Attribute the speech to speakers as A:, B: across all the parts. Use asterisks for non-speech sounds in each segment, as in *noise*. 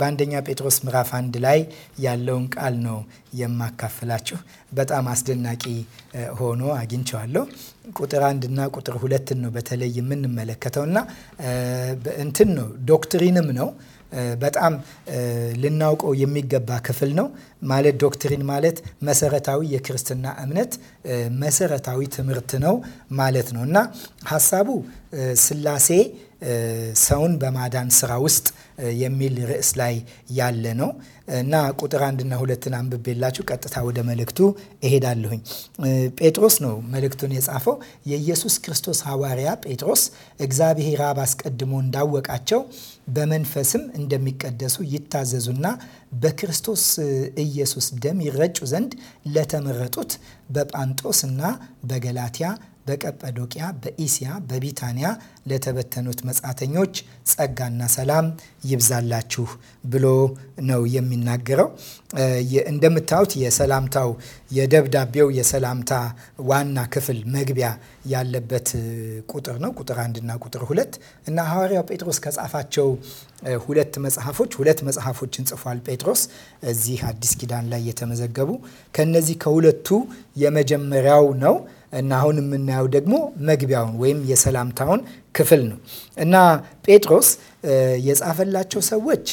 A: በአንደኛ ጴጥሮስ ምዕራፍ አንድ ላይ ያለውን ቃል ነው የማካፍላችሁ። በጣም አስደናቂ ሆኖ አግኝቸዋለሁ። ቁጥር አንድና ቁጥር ሁለትን ነው በተለይ የምንመለከተው እና እንትን ነው ዶክትሪንም ነው በጣም ልናውቀው የሚገባ ክፍል ነው። ማለት ዶክትሪን ማለት መሰረታዊ የክርስትና እምነት መሰረታዊ ትምህርት ነው ማለት ነው እና ሀሳቡ ስላሴ ሰውን በማዳን ስራ ውስጥ የሚል ርዕስ ላይ ያለ ነው እና ቁጥር አንድና ሁለትን አንብቤላችሁ ቀጥታ ወደ መልእክቱ እሄዳለሁኝ። ጴጥሮስ ነው መልእክቱን የጻፈው። የኢየሱስ ክርስቶስ ሐዋርያ ጴጥሮስ እግዚአብሔር አብ አስቀድሞ እንዳወቃቸው በመንፈስም እንደሚቀደሱ ይታዘዙና በክርስቶስ ኢየሱስ ደም ይረጩ ዘንድ ለተመረጡት በጳንጦስና በገላትያ በቀጰዶቅያ፣ በኢስያ፣ በቢታንያ ለተበተኑት መጻተኞች ጸጋና ሰላም ይብዛላችሁ ብሎ ነው የሚናገረው። እንደምታዩት የሰላምታው የደብዳቤው የሰላምታ ዋና ክፍል መግቢያ ያለበት ቁጥር ነው፣ ቁጥር አንድና ቁጥር ሁለት እና ሐዋርያው ጴጥሮስ ከጻፋቸው ሁለት መጽሐፎች ሁለት መጽሐፎችን ጽፏል ጴጥሮስ እዚህ አዲስ ኪዳን ላይ የተመዘገቡ ከነዚህ ከሁለቱ የመጀመሪያው ነው። እና አሁን የምናየው ደግሞ መግቢያውን ወይም የሰላምታውን ክፍል ነው እና ጴጥሮስ የጻፈላቸው ሰዎች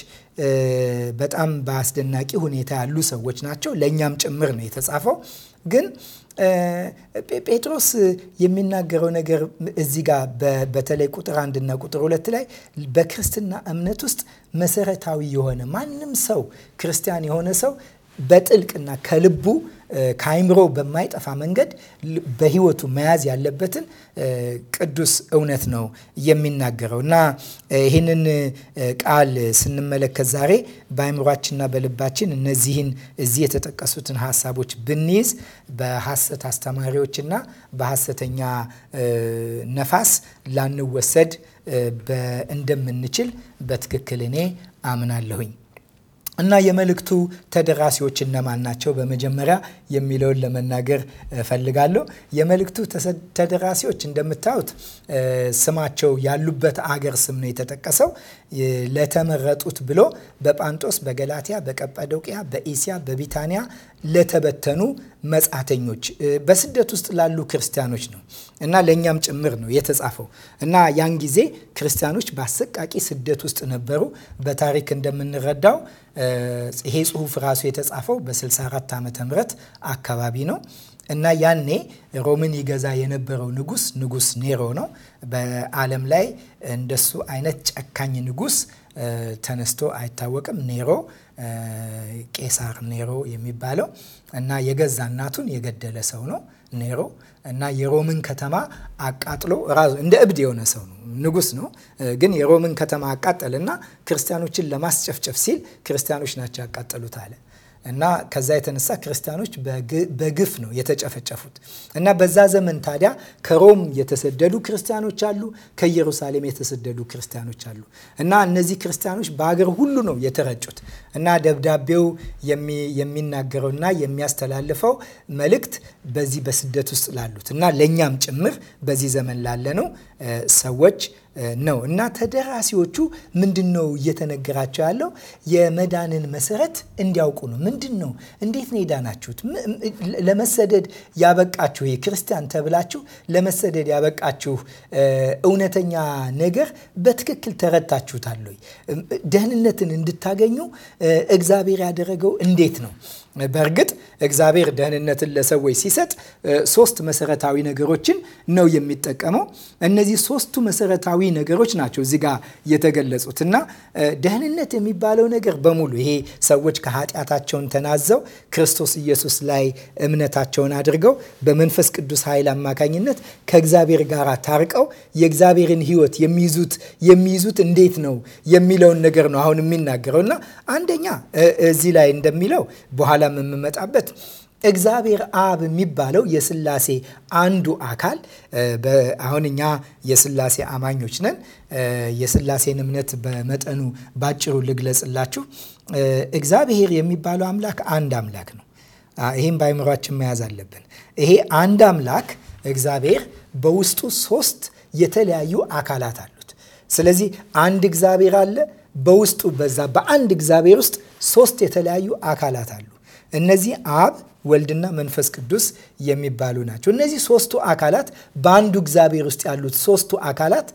A: በጣም በአስደናቂ ሁኔታ ያሉ ሰዎች ናቸው። ለእኛም ጭምር ነው የተጻፈው። ግን ጴጥሮስ የሚናገረው ነገር እዚህ ጋር በተለይ ቁጥር አንድና ቁጥር ሁለት ላይ በክርስትና እምነት ውስጥ መሰረታዊ የሆነ ማንም ሰው ክርስቲያን የሆነ ሰው በጥልቅና ከልቡ ከአይምሮ በማይጠፋ መንገድ በህይወቱ መያዝ ያለበትን ቅዱስ እውነት ነው የሚናገረው እና ይህንን ቃል ስንመለከት ዛሬ በአይምሯችንና በልባችን እነዚህን እዚህ የተጠቀሱትን ሀሳቦች ብንይዝ በሐሰት አስተማሪዎችና በሐሰተኛ ነፋስ ላንወሰድ እንደምንችል በትክክል እኔ አምናለሁኝ። እና የመልእክቱ ተደራሲዎች እነማን ናቸው? በመጀመሪያ የሚለውን ለመናገር እፈልጋለሁ። የመልእክቱ ተደራሲዎች እንደምታዩት ስማቸው ያሉበት አገር ስም ነው የተጠቀሰው። ለተመረጡት ብሎ በጳንጦስ፣ በገላትያ፣ በቀጳዶቅያ፣ በኢስያ፣ በቢታንያ ለተበተኑ መጻተኞች በስደት ውስጥ ላሉ ክርስቲያኖች ነው እና ለእኛም ጭምር ነው የተጻፈው እና ያን ጊዜ ክርስቲያኖች በአሰቃቂ ስደት ውስጥ ነበሩ። በታሪክ እንደምንረዳው ይሄ ጽሁፍ ራሱ የተጻፈው በ64 ዓመተ ምህረት አካባቢ ነው። እና ያኔ ሮምን ይገዛ የነበረው ንጉስ ንጉስ ኔሮ ነው። በዓለም ላይ እንደሱ አይነት ጨካኝ ንጉስ ተነስቶ አይታወቅም። ኔሮ ቄሳር ኔሮ የሚባለው እና የገዛ እናቱን የገደለ ሰው ነው ኔሮ እና የሮምን ከተማ አቃጥሎ ራሱ እንደ እብድ የሆነ ሰው ነው። ንጉስ ነው ግን የሮምን ከተማ አቃጠልና ክርስቲያኖችን ለማስጨፍጨፍ ሲል ክርስቲያኖች ናቸው ያቃጠሉት አለ። እና ከዛ የተነሳ ክርስቲያኖች በግፍ ነው የተጨፈጨፉት። እና በዛ ዘመን ታዲያ ከሮም የተሰደዱ ክርስቲያኖች አሉ፣ ከኢየሩሳሌም የተሰደዱ ክርስቲያኖች አሉ። እና እነዚህ ክርስቲያኖች በሀገር ሁሉ ነው የተረጩት። እና ደብዳቤው የሚናገረውና የሚያስተላልፈው መልእክት በዚህ በስደት ውስጥ ላሉት እና ለእኛም ጭምር በዚህ ዘመን ላለነው ሰዎች ነው እና ተደራሲዎቹ ምንድን ነው እየተነገራቸው ያለው? የመዳንን መሰረት እንዲያውቁ ነው። ምንድን ነው? እንዴት ነው የዳናችሁት? ለመሰደድ ያበቃችሁ ክርስቲያን ተብላችሁ ለመሰደድ ያበቃችሁ እውነተኛ ነገር በትክክል ተረድታችሁታል ወይ? ደህንነትን እንድታገኙ እግዚአብሔር ያደረገው እንዴት ነው? በእርግጥ እግዚአብሔር ደህንነትን ለሰዎች ሲሰጥ ሶስት መሰረታዊ ነገሮችን ነው የሚጠቀመው። እነዚህ ሶስቱ መሰረታዊ ነገሮች ናቸው እዚህ ጋ የተገለጹት እና ደህንነት የሚባለው ነገር በሙሉ ይሄ ሰዎች ከኃጢአታቸውን ተናዘው ክርስቶስ ኢየሱስ ላይ እምነታቸውን አድርገው በመንፈስ ቅዱስ ኃይል አማካኝነት ከእግዚአብሔር ጋር ታርቀው የእግዚአብሔርን ሕይወት የሚይዙት የሚይዙት እንዴት ነው የሚለውን ነገር ነው አሁን የሚናገረው እና አንደኛ እዚህ ላይ እንደሚለው በኋላ በኋላም የምመጣበት እግዚአብሔር አብ የሚባለው የስላሴ አንዱ አካል አሁን እኛ የስላሴ አማኞች ነን። የስላሴን እምነት በመጠኑ ባጭሩ ልግለጽላችሁ። እግዚአብሔር የሚባለው አምላክ አንድ አምላክ ነው። ይህም በአይምሯችን መያዝ አለብን። ይሄ አንድ አምላክ እግዚአብሔር በውስጡ ሶስት የተለያዩ አካላት አሉት። ስለዚህ አንድ እግዚአብሔር አለ። በውስጡ በዛ በአንድ እግዚአብሔር ውስጥ ሶስት የተለያዩ አካላት አሉ። እነዚህ አብ ወልድና መንፈስ ቅዱስ የሚባሉ ናቸው። እነዚህ ሶስቱ አካላት በአንዱ እግዚአብሔር ውስጥ ያሉት ሶስቱ አካላት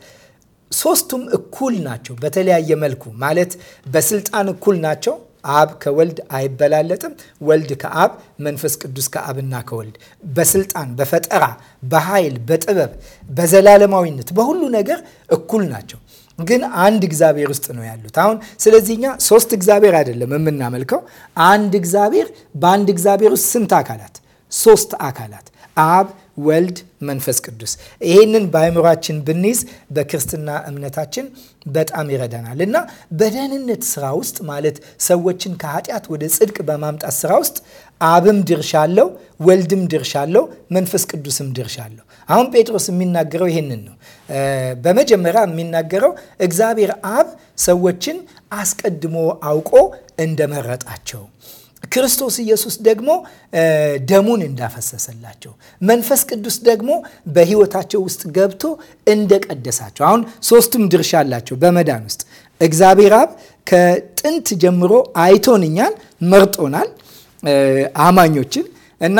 A: ሶስቱም እኩል ናቸው። በተለያየ መልኩ ማለት በስልጣን እኩል ናቸው። አብ ከወልድ አይበላለጥም። ወልድ ከአብ፣ መንፈስ ቅዱስ ከአብና ከወልድ በስልጣን በፈጠራ በኃይል በጥበብ በዘላለማዊነት በሁሉ ነገር እኩል ናቸው። ግን አንድ እግዚአብሔር ውስጥ ነው ያሉት። አሁን ስለዚህ እኛ ሶስት እግዚአብሔር አይደለም የምናመልከው፣ አንድ እግዚአብሔር። በአንድ እግዚአብሔር ውስጥ ስንት አካላት? ሶስት አካላት አብ፣ ወልድ፣ መንፈስ ቅዱስ። ይሄንን በአእምሯችን ብንይዝ በክርስትና እምነታችን በጣም ይረዳናል እና በደህንነት ስራ ውስጥ ማለት ሰዎችን ከኃጢአት ወደ ጽድቅ በማምጣት ስራ ውስጥ አብም ድርሻ አለው፣ ወልድም ድርሻ አለው፣ መንፈስ ቅዱስም ድርሻ አለው። አሁን ጴጥሮስ የሚናገረው ይሄንን ነው። በመጀመሪያ የሚናገረው እግዚአብሔር አብ ሰዎችን አስቀድሞ አውቆ እንደመረጣቸው ክርስቶስ ኢየሱስ ደግሞ ደሙን እንዳፈሰሰላቸው መንፈስ ቅዱስ ደግሞ በሕይወታቸው ውስጥ ገብቶ እንደቀደሳቸው። አሁን ሶስቱም ድርሻ አላቸው በመዳን ውስጥ። እግዚአብሔር አብ ከጥንት ጀምሮ አይቶንኛል፣ መርጦናል አማኞችን እና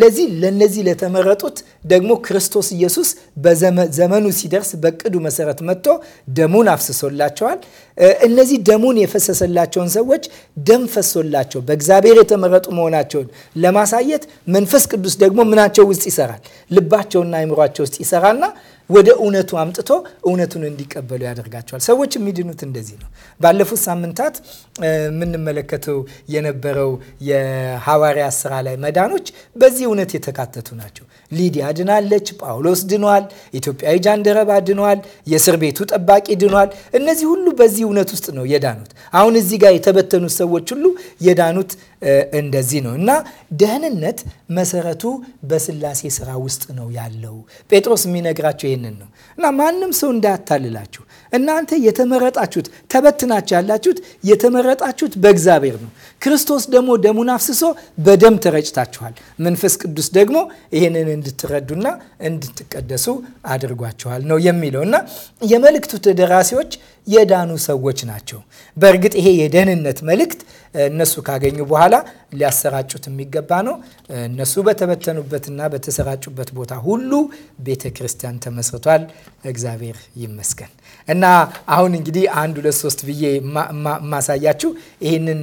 A: ለዚህ ለነዚህ ለተመረጡት ደግሞ ክርስቶስ ኢየሱስ በዘመኑ ሲደርስ በቅዱ መሰረት መጥቶ ደሙን አፍስሶላቸዋል። እነዚህ ደሙን የፈሰሰላቸውን ሰዎች ደም ፈሶላቸው በእግዚአብሔር የተመረጡ መሆናቸውን ለማሳየት መንፈስ ቅዱስ ደግሞ ምናቸው ውስጥ ይሰራል፣ ልባቸውና አይምሯቸው ውስጥ ይሰራና ወደ እውነቱ አምጥቶ እውነቱን እንዲቀበሉ ያደርጋቸዋል። ሰዎች የሚድኑት እንደዚህ ነው። ባለፉት ሳምንታት የምንመለከተው የነበረው የሐዋርያ ስራ ላይ መዳኖች በዚህ እውነት የተካተቱ ናቸው። ሊዲያ ድናለች፣ ጳውሎስ ድኗል፣ ኢትዮጵያዊ ጃንደረባ ድኗል፣ የእስር ቤቱ ጠባቂ ድኗል። እነዚህ ሁሉ በዚህ እውነት ውስጥ ነው የዳኑት። አሁን እዚህ ጋር የተበተኑት ሰዎች ሁሉ የዳኑት እንደዚህ ነው እና ደህንነት መሰረቱ በስላሴ ስራ ውስጥ ነው ያለው። ጴጥሮስ የሚነግራቸው ይህንን ነው እና ማንም ሰው እንዳያታልላችሁ እናንተ የተመረጣችሁት ተበትናችሁ ያላችሁት የተመረጣችሁት በእግዚአብሔር ነው። ክርስቶስ ደግሞ ደሙን አፍስሶ በደም ተረጭታችኋል። መንፈስ ቅዱስ ደግሞ ይህንን እንድትረዱና እንድትቀደሱ አድርጓችኋል ነው የሚለው እና የመልእክቱ ተደራሲዎች የዳኑ ሰዎች ናቸው። በእርግጥ ይሄ የደህንነት መልእክት እነሱ ካገኙ በኋላ ሊያሰራጩት የሚገባ ነው። እነሱ በተበተኑበትና በተሰራጩበት ቦታ ሁሉ ቤተ ክርስቲያን ተመስርቷል። እግዚአብሔር ይመስገን። እና አሁን እንግዲህ አንድ ሁለት ሶስት ብዬ ማሳያችሁ ይህንን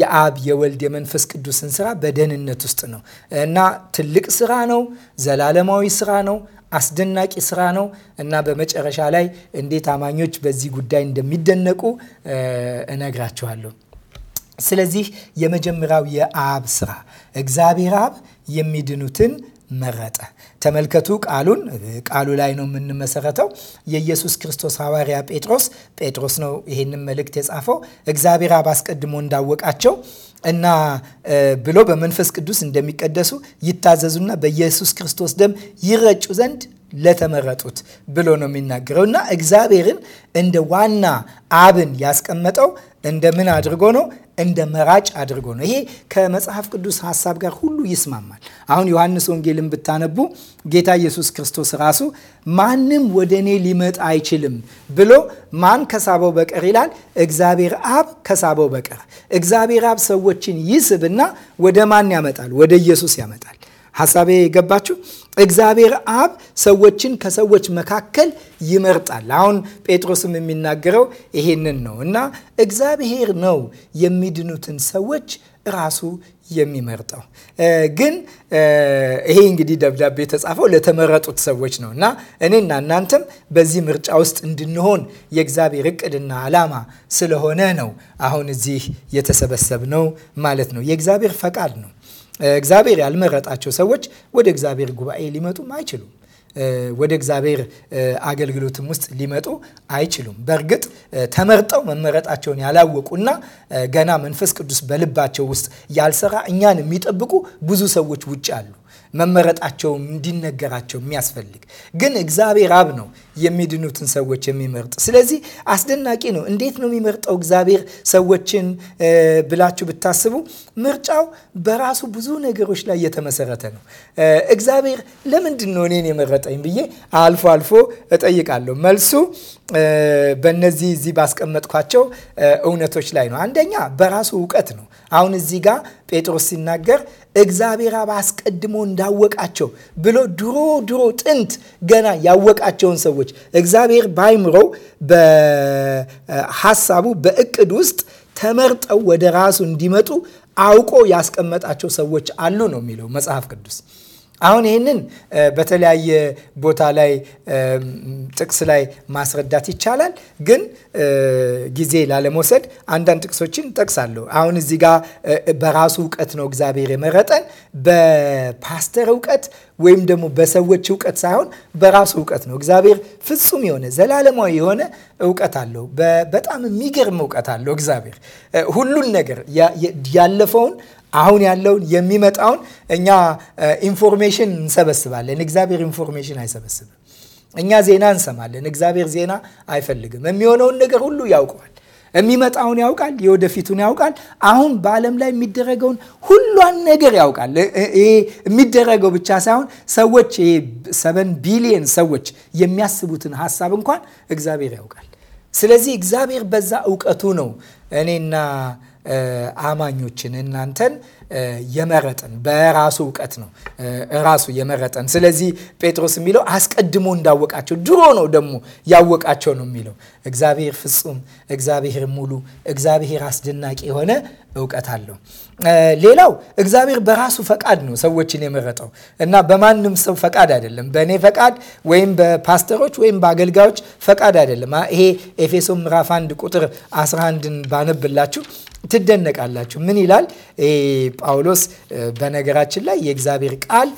A: የአብ የወልድ የመንፈስ ቅዱስን ስራ በደህንነት ውስጥ ነው እና ትልቅ ስራ ነው፣ ዘላለማዊ ስራ ነው፣ አስደናቂ ስራ ነው እና በመጨረሻ ላይ እንዴት አማኞች በዚህ ጉዳይ እንደሚደነቁ እነግራችኋለሁ። ስለዚህ የመጀመሪያው የአብ ስራ እግዚአብሔር አብ የሚድኑትን መረጠ። ተመልከቱ ቃሉን ቃሉ ላይ ነው የምንመሰረተው። የኢየሱስ ክርስቶስ ሐዋርያ ጴጥሮስ ጴጥሮስ ነው ይህንን መልእክት የጻፈው። እግዚአብሔር አብ አስቀድሞ እንዳወቃቸው እና ብሎ በመንፈስ ቅዱስ እንደሚቀደሱ ይታዘዙና በኢየሱስ ክርስቶስ ደም ይረጩ ዘንድ ለተመረጡት ብሎ ነው የሚናገረው እና እግዚአብሔርን እንደ ዋና አብን ያስቀመጠው እንደ ምን አድርጎ ነው? እንደ መራጭ አድርጎ ነው። ይሄ ከመጽሐፍ ቅዱስ ሀሳብ ጋር ሁሉ ይስማማል። አሁን ዮሐንስ ወንጌልን ብታነቡ ጌታ ኢየሱስ ክርስቶስ ራሱ ማንም ወደ እኔ ሊመጣ አይችልም ብሎ ማን ከሳበው በቀር ይላል? እግዚአብሔር አብ ከሳበው በቀር። እግዚአብሔር አብ ሰዎችን ይስብና ወደ ማን ያመጣል? ወደ ኢየሱስ ያመጣል። ሀሳቤ የገባችሁ እግዚአብሔር አብ ሰዎችን ከሰዎች መካከል ይመርጣል። አሁን ጴጥሮስም የሚናገረው ይሄንን ነው እና እግዚአብሔር ነው የሚድኑትን ሰዎች ራሱ የሚመርጠው ግን ይሄ እንግዲህ ደብዳቤ የተጻፈው ለተመረጡት ሰዎች ነው እና እኔና እናንተም በዚህ ምርጫ ውስጥ እንድንሆን የእግዚአብሔር እቅድና ዓላማ ስለሆነ ነው አሁን እዚህ የተሰበሰብ ነው ማለት ነው። የእግዚአብሔር ፈቃድ ነው እግዚአብሔር ያልመረጣቸው ሰዎች ወደ እግዚአብሔር ጉባኤ ሊመጡም አይችሉም። ወደ እግዚአብሔር አገልግሎትም ውስጥ ሊመጡ አይችሉም። በእርግጥ ተመርጠው መመረጣቸውን ያላወቁና ገና መንፈስ ቅዱስ በልባቸው ውስጥ ያልሰራ እኛን የሚጠብቁ ብዙ ሰዎች ውጭ አሉ። መመረጣቸው እንዲነገራቸው የሚያስፈልግ ግን እግዚአብሔር አብ ነው የሚድኑትን ሰዎች የሚመርጥ። ስለዚህ አስደናቂ ነው። እንዴት ነው የሚመርጠው እግዚአብሔር ሰዎችን ብላችሁ ብታስቡ ምርጫው በራሱ ብዙ ነገሮች ላይ የተመሰረተ ነው። እግዚአብሔር ለምንድን ነው እኔን የመረጠኝ ብዬ አልፎ አልፎ እጠይቃለሁ። መልሱ በእነዚህ እዚህ ባስቀመጥኳቸው እውነቶች ላይ ነው። አንደኛ በራሱ እውቀት ነው። አሁን እዚህ ጋር ጴጥሮስ ሲናገር እግዚአብሔር አብ አስቀድሞ እንዳወቃቸው ብሎ ድሮ ድሮ ጥንት ገና ያወቃቸውን ሰዎች እግዚአብሔር ባይምሮው በሀሳቡ በእቅድ ውስጥ ተመርጠው ወደ ራሱ እንዲመጡ አውቆ ያስቀመጣቸው ሰዎች አሉ ነው የሚለው መጽሐፍ ቅዱስ። አሁን ይህንን በተለያየ ቦታ ላይ ጥቅስ ላይ ማስረዳት ይቻላል፣ ግን ጊዜ ላለመውሰድ አንዳንድ ጥቅሶችን ጠቅሳለሁ። አሁን እዚህ ጋር በራሱ እውቀት ነው እግዚአብሔር የመረጠን። በፓስተር እውቀት ወይም ደግሞ በሰዎች እውቀት ሳይሆን በራሱ እውቀት ነው። እግዚአብሔር ፍጹም የሆነ ዘላለማዊ የሆነ እውቀት አለው። በጣም የሚገርም እውቀት አለው እግዚአብሔር ሁሉን ነገር ያለፈውን አሁን ያለውን የሚመጣውን እኛ ኢንፎርሜሽን እንሰበስባለን። እግዚአብሔር ኢንፎርሜሽን አይሰበስብም። እኛ ዜና እንሰማለን። እግዚአብሔር ዜና አይፈልግም። የሚሆነውን ነገር ሁሉ ያውቀዋል። የሚመጣውን ያውቃል። የወደፊቱን ያውቃል። አሁን በዓለም ላይ የሚደረገውን ሁሏን ነገር ያውቃል። ይሄ የሚደረገው ብቻ ሳይሆን ሰዎች ይሄ ሰቨን ቢሊየን ሰዎች የሚያስቡትን ሀሳብ እንኳን እግዚአብሔር ያውቃል። ስለዚህ እግዚአብሔር በዛ እውቀቱ ነው እኔና አማኞችን እናንተን የመረጠን በራሱ እውቀት ነው ራሱ የመረጠን። ስለዚህ ጴጥሮስ የሚለው አስቀድሞ እንዳወቃቸው ድሮ ነው ደግሞ ያወቃቸው ነው የሚለው። እግዚአብሔር ፍጹም፣ እግዚአብሔር ሙሉ፣ እግዚአብሔር አስደናቂ የሆነ እውቀት አለው። ሌላው እግዚአብሔር በራሱ ፈቃድ ነው ሰዎችን የመረጠው እና በማንም ሰው ፈቃድ አይደለም። በእኔ ፈቃድ ወይም በፓስተሮች ወይም በአገልጋዮች ፈቃድ አይደለም። ይሄ ኤፌሶ ምዕራፍ 1 ቁጥር 11ን ባነብላችሁ ትደነቃላችሁ። ምን ይላል ጳውሎስ? በነገራችን ላይ የእግዚአብሔር ቃል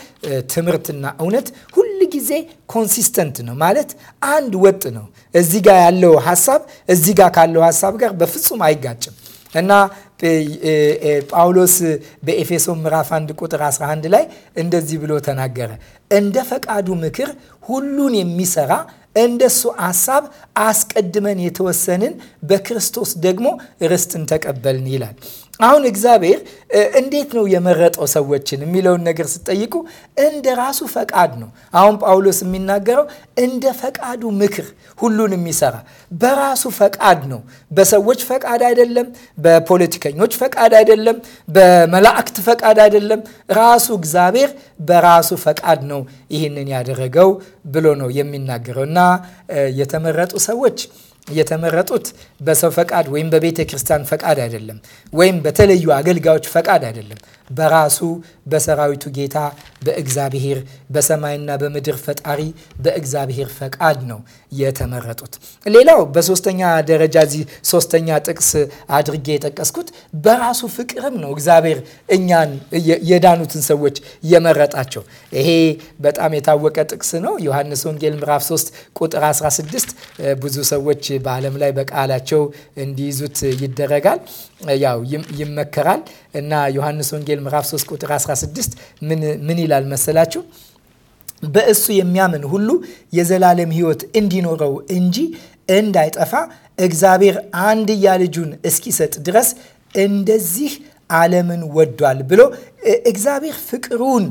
A: ትምህርትና እውነት ሁል ጊዜ ኮንሲስተንት ነው ማለት አንድ ወጥ ነው። እዚህ ጋር ያለው ሀሳብ እዚህ ጋር ካለው ሀሳብ ጋር በፍጹም አይጋጭም እና ጳውሎስ በኤፌሶን ምዕራፍ 1 ቁጥር 11 ላይ እንደዚህ ብሎ ተናገረ። እንደ ፈቃዱ ምክር ሁሉን የሚሰራ እንደሱ ሐሳብ አስቀድመን የተወሰንን በክርስቶስ ደግሞ ርስትን ተቀበልን ይላል። አሁን እግዚአብሔር እንዴት ነው የመረጠው ሰዎችን የሚለውን ነገር ስጠይቁ እንደ ራሱ ፈቃድ ነው። አሁን ጳውሎስ የሚናገረው እንደ ፈቃዱ ምክር ሁሉን የሚሰራ በራሱ ፈቃድ ነው። በሰዎች ፈቃድ አይደለም፣ በፖለቲከኞች ፈቃድ አይደለም፣ በመላእክት ፈቃድ አይደለም። ራሱ እግዚአብሔር በራሱ ፈቃድ ነው ይህንን ያደረገው ብሎ ነው የሚናገረው እና የተመረጡ ሰዎች የተመረጡት በሰው ፈቃድ ወይም በቤተ ክርስቲያን ፈቃድ አይደለም፣ ወይም በተለዩ አገልጋዮች ፈቃድ አይደለም። በራሱ በሰራዊቱ ጌታ በእግዚአብሔር በሰማይና በምድር ፈጣሪ በእግዚአብሔር ፈቃድ ነው የተመረጡት። ሌላው በሶስተኛ ደረጃ እዚህ ሶስተኛ ጥቅስ አድርጌ የጠቀስኩት በራሱ ፍቅርም ነው እግዚአብሔር እኛን የዳኑትን ሰዎች የመረጣቸው። ይሄ በጣም የታወቀ ጥቅስ ነው። ዮሐንስ ወንጌል ምዕራፍ 3 ቁጥር 16 ብዙ ሰዎች በዓለም ላይ በቃላቸው እንዲይዙት ይደረጋል። ያው ይመከራል እና ዮሐንስ ወንጌል ምዕራፍ 3 ቁጥር 16 ምን ይላል መሰላችሁ? በእሱ የሚያምን ሁሉ የዘላለም ሕይወት እንዲኖረው እንጂ እንዳይጠፋ እግዚአብሔር አንድያ ልጁን እስኪሰጥ ድረስ እንደዚህ ዓለምን ወዷል ብሎ እግዚአብሔር ፍቅሩን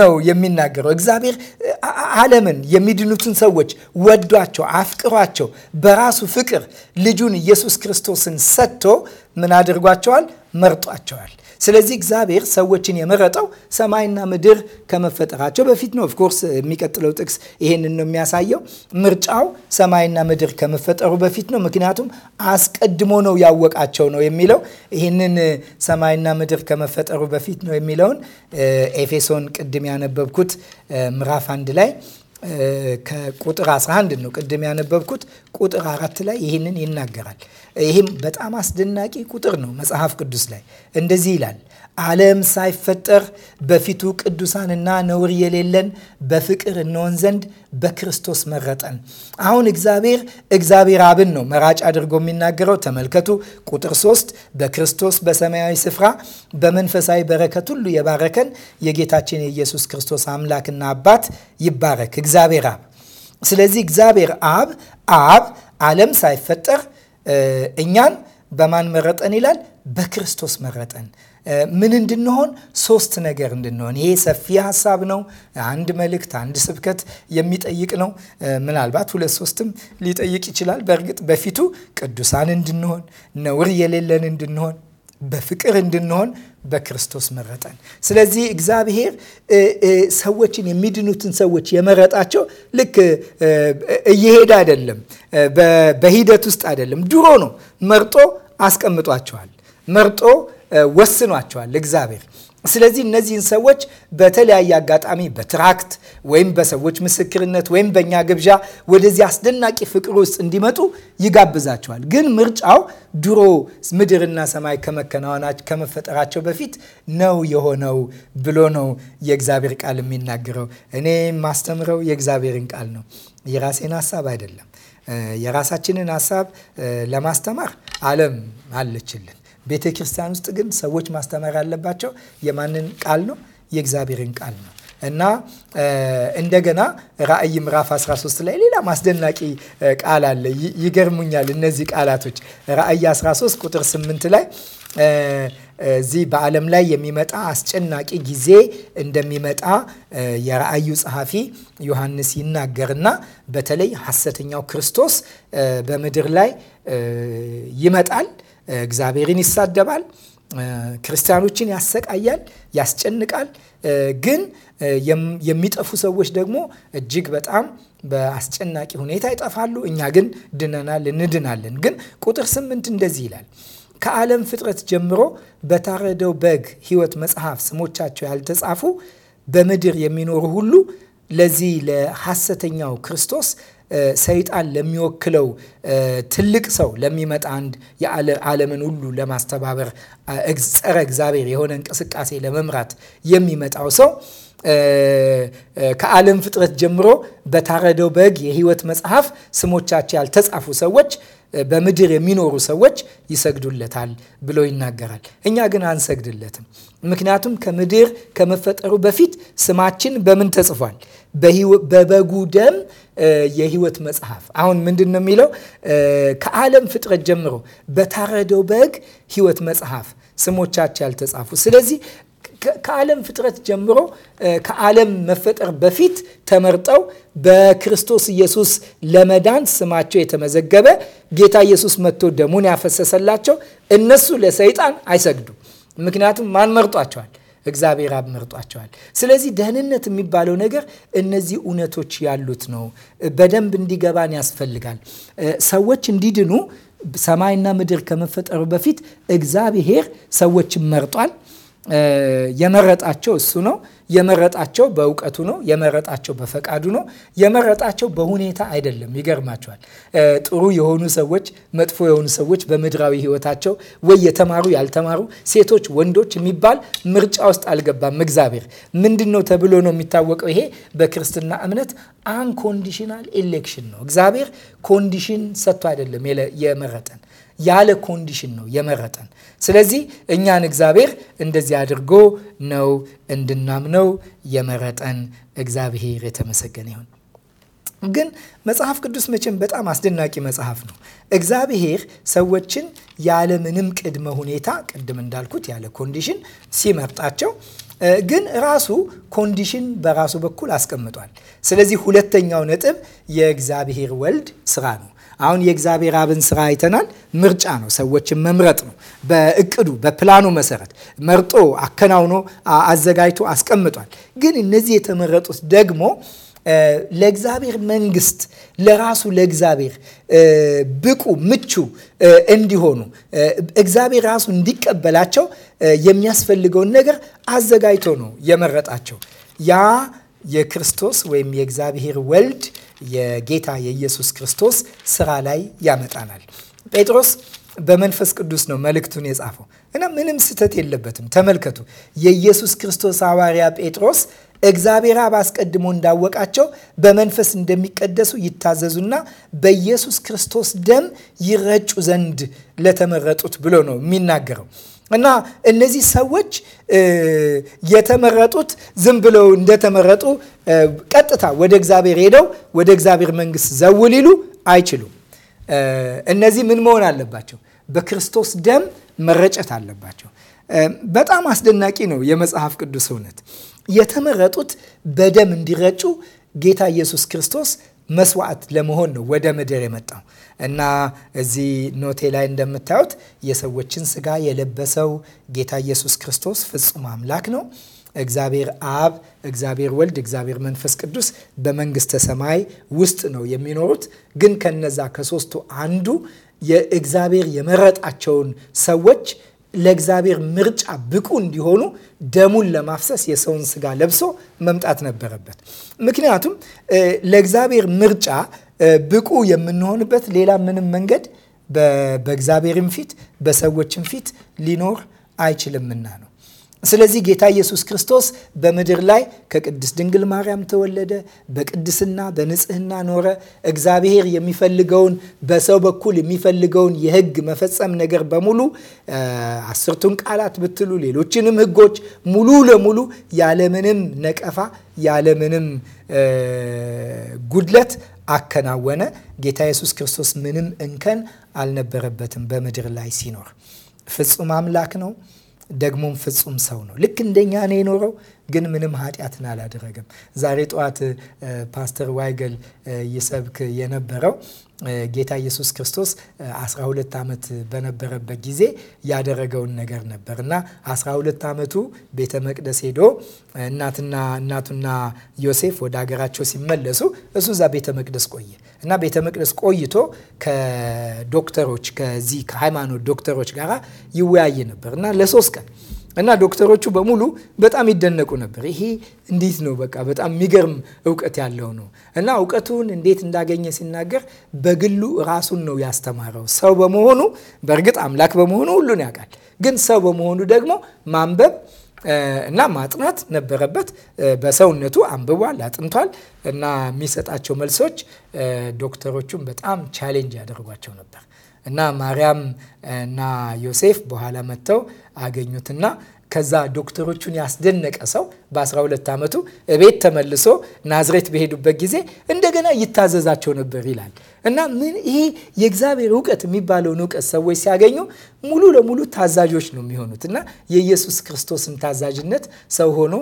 A: ነው የሚናገረው። እግዚአብሔር ዓለምን የሚድኑትን ሰዎች ወዷቸው፣ አፍቅሯቸው በራሱ ፍቅር ልጁን ኢየሱስ ክርስቶስን ሰጥቶ ምን አድርጓቸዋል? መርጧቸዋል። ስለዚህ እግዚአብሔር ሰዎችን የመረጠው ሰማይና ምድር ከመፈጠራቸው በፊት ነው። ኦፍኮርስ የሚቀጥለው ጥቅስ ይሄንን ነው የሚያሳየው። ምርጫው ሰማይና ምድር ከመፈጠሩ በፊት ነው፣ ምክንያቱም አስቀድሞ ነው ያወቃቸው ነው የሚለው ይህንን ሰማይና ምድር ከመፈጠሩ በፊት ነው የሚለውን ኤፌሶን ቅድም ያነበብኩት ምዕራፍ አንድ ላይ ከቁጥር 11 ነው ቅድም ያነበብኩት። ቁጥር አራት ላይ ይህንን ይናገራል። ይህም በጣም አስደናቂ ቁጥር ነው። መጽሐፍ ቅዱስ ላይ እንደዚህ ይላል ዓለም ሳይፈጠር በፊቱ ቅዱሳንና ነውር የሌለን በፍቅር እንሆን ዘንድ በክርስቶስ መረጠን። አሁን እግዚአብሔር እግዚአብሔር አብን ነው መራጭ አድርጎ የሚናገረው። ተመልከቱ ቁጥር ሶስት በክርስቶስ በሰማያዊ ስፍራ በመንፈሳዊ በረከት ሁሉ የባረከን የጌታችን የኢየሱስ ክርስቶስ አምላክና አባት ይባረክ እግዚአብሔር አብ። ስለዚህ እግዚአብሔር አብ አብ ዓለም ሳይፈጠር እኛን በማን መረጠን ይላል? በክርስቶስ መረጠን። ምን እንድንሆን? ሶስት ነገር እንድንሆን። ይሄ ሰፊ ሀሳብ ነው። አንድ መልእክት፣ አንድ ስብከት የሚጠይቅ ነው። ምናልባት ሁለት ሶስትም ሊጠይቅ ይችላል። በእርግጥ በፊቱ ቅዱሳን እንድንሆን፣ ነውር የሌለን እንድንሆን፣ በፍቅር እንድንሆን በክርስቶስ መረጠን። ስለዚህ እግዚአብሔር ሰዎችን የሚድኑትን ሰዎች የመረጣቸው ልክ እየሄደ አይደለም፣ በሂደት ውስጥ አይደለም። ድሮ ነው መርጦ አስቀምጧቸዋል። መርጦ ወስኗቸዋል እግዚአብሔር። ስለዚህ እነዚህን ሰዎች በተለያየ አጋጣሚ በትራክት ወይም በሰዎች ምስክርነት ወይም በእኛ ግብዣ ወደዚህ አስደናቂ ፍቅር ውስጥ እንዲመጡ ይጋብዛቸዋል። ግን ምርጫው ድሮ ምድርና ሰማይ ከመከናወናቸው ከመፈጠራቸው በፊት ነው የሆነው ብሎ ነው የእግዚአብሔር ቃል የሚናገረው። እኔ ማስተምረው የእግዚአብሔርን ቃል ነው፣ የራሴን ሀሳብ አይደለም። የራሳችንን ሀሳብ ለማስተማር ዓለም አለችልን ቤተ ክርስቲያን ውስጥ ግን ሰዎች ማስተማር ያለባቸው የማንን ቃል ነው? የእግዚአብሔርን ቃል ነው። እና እንደገና ራእይ ምዕራፍ 13 ላይ ሌላ ማስደናቂ ቃል አለ። ይገርሙኛል እነዚህ ቃላቶች። ራእይ 13 ቁጥር 8 ላይ እዚህ በዓለም ላይ የሚመጣ አስጨናቂ ጊዜ እንደሚመጣ የራእዩ ጸሐፊ ዮሐንስ ይናገርና በተለይ ሐሰተኛው ክርስቶስ በምድር ላይ ይመጣል እግዚአብሔርን ይሳደባል፣ ክርስቲያኖችን ያሰቃያል፣ ያስጨንቃል። ግን የሚጠፉ ሰዎች ደግሞ እጅግ በጣም በአስጨናቂ ሁኔታ ይጠፋሉ። እኛ ግን ድነናል፣ እንድናለን። ግን ቁጥር ስምንት እንደዚህ ይላል ከዓለም ፍጥረት ጀምሮ በታረደው በግ ሕይወት መጽሐፍ ስሞቻቸው ያልተጻፉ በምድር የሚኖሩ ሁሉ ለዚህ ለሐሰተኛው ክርስቶስ ሰይጣን ለሚወክለው ትልቅ ሰው ለሚመጣ አንድ የዓለምን ሁሉ ለማስተባበር ጸረ እግዚአብሔር የሆነ እንቅስቃሴ ለመምራት የሚመጣው ሰው ከዓለም ፍጥረት ጀምሮ በታረደው በግ የህይወት መጽሐፍ ስሞቻቸው ያልተጻፉ ሰዎች በምድር የሚኖሩ ሰዎች ይሰግዱለታል ብሎ ይናገራል። እኛ ግን አንሰግድለትም። ምክንያቱም ከምድር ከመፈጠሩ በፊት ስማችን በምን ተጽፏል? በበጉ ደም የህይወት መጽሐፍ። አሁን ምንድን ነው የሚለው? ከዓለም ፍጥረት ጀምሮ በታረደው በግ ህይወት መጽሐፍ ስሞቻቸው ያልተጻፉ። ስለዚህ ከዓለም ፍጥረት ጀምሮ ከዓለም መፈጠር በፊት ተመርጠው በክርስቶስ ኢየሱስ ለመዳን ስማቸው የተመዘገበ ጌታ ኢየሱስ መጥቶ ደሙን ያፈሰሰላቸው እነሱ ለሰይጣን አይሰግዱ። ምክንያቱም ማን መርጧቸዋል? እግዚአብሔር አብ መርጧቸዋል። ስለዚህ ደህንነት የሚባለው ነገር እነዚህ እውነቶች ያሉት ነው። በደንብ እንዲገባን ያስፈልጋል። ሰዎች እንዲድኑ ሰማይና ምድር ከመፈጠሩ በፊት እግዚአብሔር ሰዎችን መርጧል። የመረጣቸው እሱ ነው። የመረጣቸው በእውቀቱ ነው። የመረጣቸው በፈቃዱ ነው። የመረጣቸው በሁኔታ አይደለም። ይገርማቸዋል። ጥሩ የሆኑ ሰዎች፣ መጥፎ የሆኑ ሰዎች በምድራዊ ሕይወታቸው ወይ የተማሩ ያልተማሩ፣ ሴቶች፣ ወንዶች የሚባል ምርጫ ውስጥ አልገባም። እግዚአብሔር ምንድን ነው ተብሎ ነው የሚታወቀው። ይሄ በክርስትና እምነት አንኮንዲሽናል ኤሌክሽን ነው። እግዚአብሔር ኮንዲሽን ሰጥቶ አይደለም የመረጠን ያለ ኮንዲሽን ነው የመረጠን። ስለዚህ እኛን እግዚአብሔር እንደዚህ አድርጎ ነው እንድናምነው የመረጠን። እግዚአብሔር የተመሰገነ ይሁን። ግን መጽሐፍ ቅዱስ መቼም በጣም አስደናቂ መጽሐፍ ነው። እግዚአብሔር ሰዎችን ያለ ምንም ቅድመ ሁኔታ ቅድም እንዳልኩት ያለ ኮንዲሽን ሲመርጣቸው ግን ራሱ ኮንዲሽን በራሱ በኩል አስቀምጧል። ስለዚህ ሁለተኛው ነጥብ የእግዚአብሔር ወልድ ስራ ነው። አሁን የእግዚአብሔር አብን ስራ አይተናል። ምርጫ ነው፣ ሰዎችን መምረጥ ነው። በእቅዱ በፕላኑ መሰረት መርጦ አከናውኖ አዘጋጅቶ አስቀምጧል። ግን እነዚህ የተመረጡት ደግሞ ለእግዚአብሔር መንግስት ለራሱ ለእግዚአብሔር ብቁ ምቹ እንዲሆኑ እግዚአብሔር ራሱ እንዲቀበላቸው የሚያስፈልገውን ነገር አዘጋጅቶ ነው የመረጣቸው ያ የክርስቶስ ወይም የእግዚአብሔር ወልድ የጌታ የኢየሱስ ክርስቶስ ስራ ላይ ያመጣናል። ጴጥሮስ በመንፈስ ቅዱስ ነው መልእክቱን የጻፈው እና ምንም ስህተት የለበትም። ተመልከቱ፣ የኢየሱስ ክርስቶስ ሐዋርያ ጴጥሮስ እግዚአብሔር አብ አስቀድሞ እንዳወቃቸው በመንፈስ እንደሚቀደሱ ይታዘዙና በኢየሱስ ክርስቶስ ደም ይረጩ ዘንድ ለተመረጡት ብሎ ነው የሚናገረው። እና እነዚህ ሰዎች የተመረጡት ዝም ብለው እንደተመረጡ ቀጥታ ወደ እግዚአብሔር ሄደው ወደ እግዚአብሔር መንግስት ዘው ሊሉ አይችሉም። እነዚህ ምን መሆን አለባቸው? በክርስቶስ ደም መረጨት አለባቸው። በጣም አስደናቂ ነው የመጽሐፍ ቅዱስ እውነት። የተመረጡት በደም እንዲረጩ ጌታ ኢየሱስ ክርስቶስ መስዋዕት ለመሆን ነው ወደ ምድር የመጣው እና እዚህ ኖቴ ላይ እንደምታዩት የሰዎችን ስጋ የለበሰው ጌታ ኢየሱስ ክርስቶስ ፍጹም አምላክ ነው። እግዚአብሔር አብ፣ እግዚአብሔር ወልድ፣ እግዚአብሔር መንፈስ ቅዱስ በመንግስተ ሰማይ ውስጥ ነው የሚኖሩት። ግን ከነዛ ከሶስቱ አንዱ የእግዚአብሔር የመረጣቸውን ሰዎች ለእግዚአብሔር ምርጫ ብቁ እንዲሆኑ ደሙን ለማፍሰስ የሰውን ስጋ ለብሶ መምጣት ነበረበት። ምክንያቱም ለእግዚአብሔር ምርጫ ብቁ የምንሆንበት ሌላ ምንም መንገድ በእግዚአብሔርም ፊት በሰዎችም ፊት ሊኖር አይችልምና ነው። ስለዚህ ጌታ ኢየሱስ ክርስቶስ በምድር ላይ ከቅድስት ድንግል ማርያም ተወለደ፣ በቅድስና በንጽህና ኖረ። እግዚአብሔር የሚፈልገውን በሰው በኩል የሚፈልገውን የህግ መፈጸም ነገር በሙሉ አስርቱን ቃላት ብትሉ ሌሎችንም ህጎች ሙሉ ለሙሉ ያለምንም ነቀፋ ያለምንም ጉድለት አከናወነ። ጌታ ኢየሱስ ክርስቶስ ምንም እንከን አልነበረበትም። በምድር ላይ ሲኖር ፍጹም አምላክ ነው። ደግሞም ፍጹም ሰው ነው። ልክ እንደኛ ነው የኖረው ግን ምንም ኃጢአትን አላደረገም። ዛሬ ጠዋት ፓስተር ዋይገል ይሰብክ የነበረው ጌታ ኢየሱስ ክርስቶስ 12 ዓመት በነበረበት ጊዜ ያደረገውን ነገር ነበር እና 12 ዓመቱ ቤተ መቅደስ ሄዶ እናትና እናቱና ዮሴፍ ወደ ሀገራቸው ሲመለሱ እሱ እዛ ቤተ መቅደስ ቆየ እና ቤተ መቅደስ ቆይቶ ከዶክተሮች ከዚህ ከሃይማኖት ዶክተሮች ጋር ይወያይ ነበር እና ለሶስት ቀን እና ዶክተሮቹ በሙሉ በጣም ይደነቁ ነበር። ይሄ እንዴት ነው በቃ በጣም የሚገርም እውቀት ያለው ነው። እና እውቀቱን እንዴት እንዳገኘ ሲናገር በግሉ ራሱን ነው ያስተማረው። ሰው በመሆኑ በእርግጥ አምላክ በመሆኑ ሁሉን ያውቃል። ግን ሰው በመሆኑ ደግሞ ማንበብ እና ማጥናት ነበረበት። በሰውነቱ አንብቧል፣ አጥንቷል እና የሚሰጣቸው መልሶች ዶክተሮቹን በጣም ቻሌንጅ ያደርጓቸው ነበር። እና ማርያም እና ዮሴፍ በኋላ መጥተው አገኙትና ከዛ ዶክተሮቹን ያስደነቀ ሰው በ12 ዓመቱ እቤት ተመልሶ ናዝሬት በሄዱበት ጊዜ እንደገና ይታዘዛቸው ነበር ይላል። እና ምን ይሄ የእግዚአብሔር እውቀት የሚባለውን እውቀት ሰዎች ሲያገኙ ሙሉ ለሙሉ ታዛዦች ነው የሚሆኑት እና የኢየሱስ ክርስቶስን ታዛዥነት ሰው ሆኖ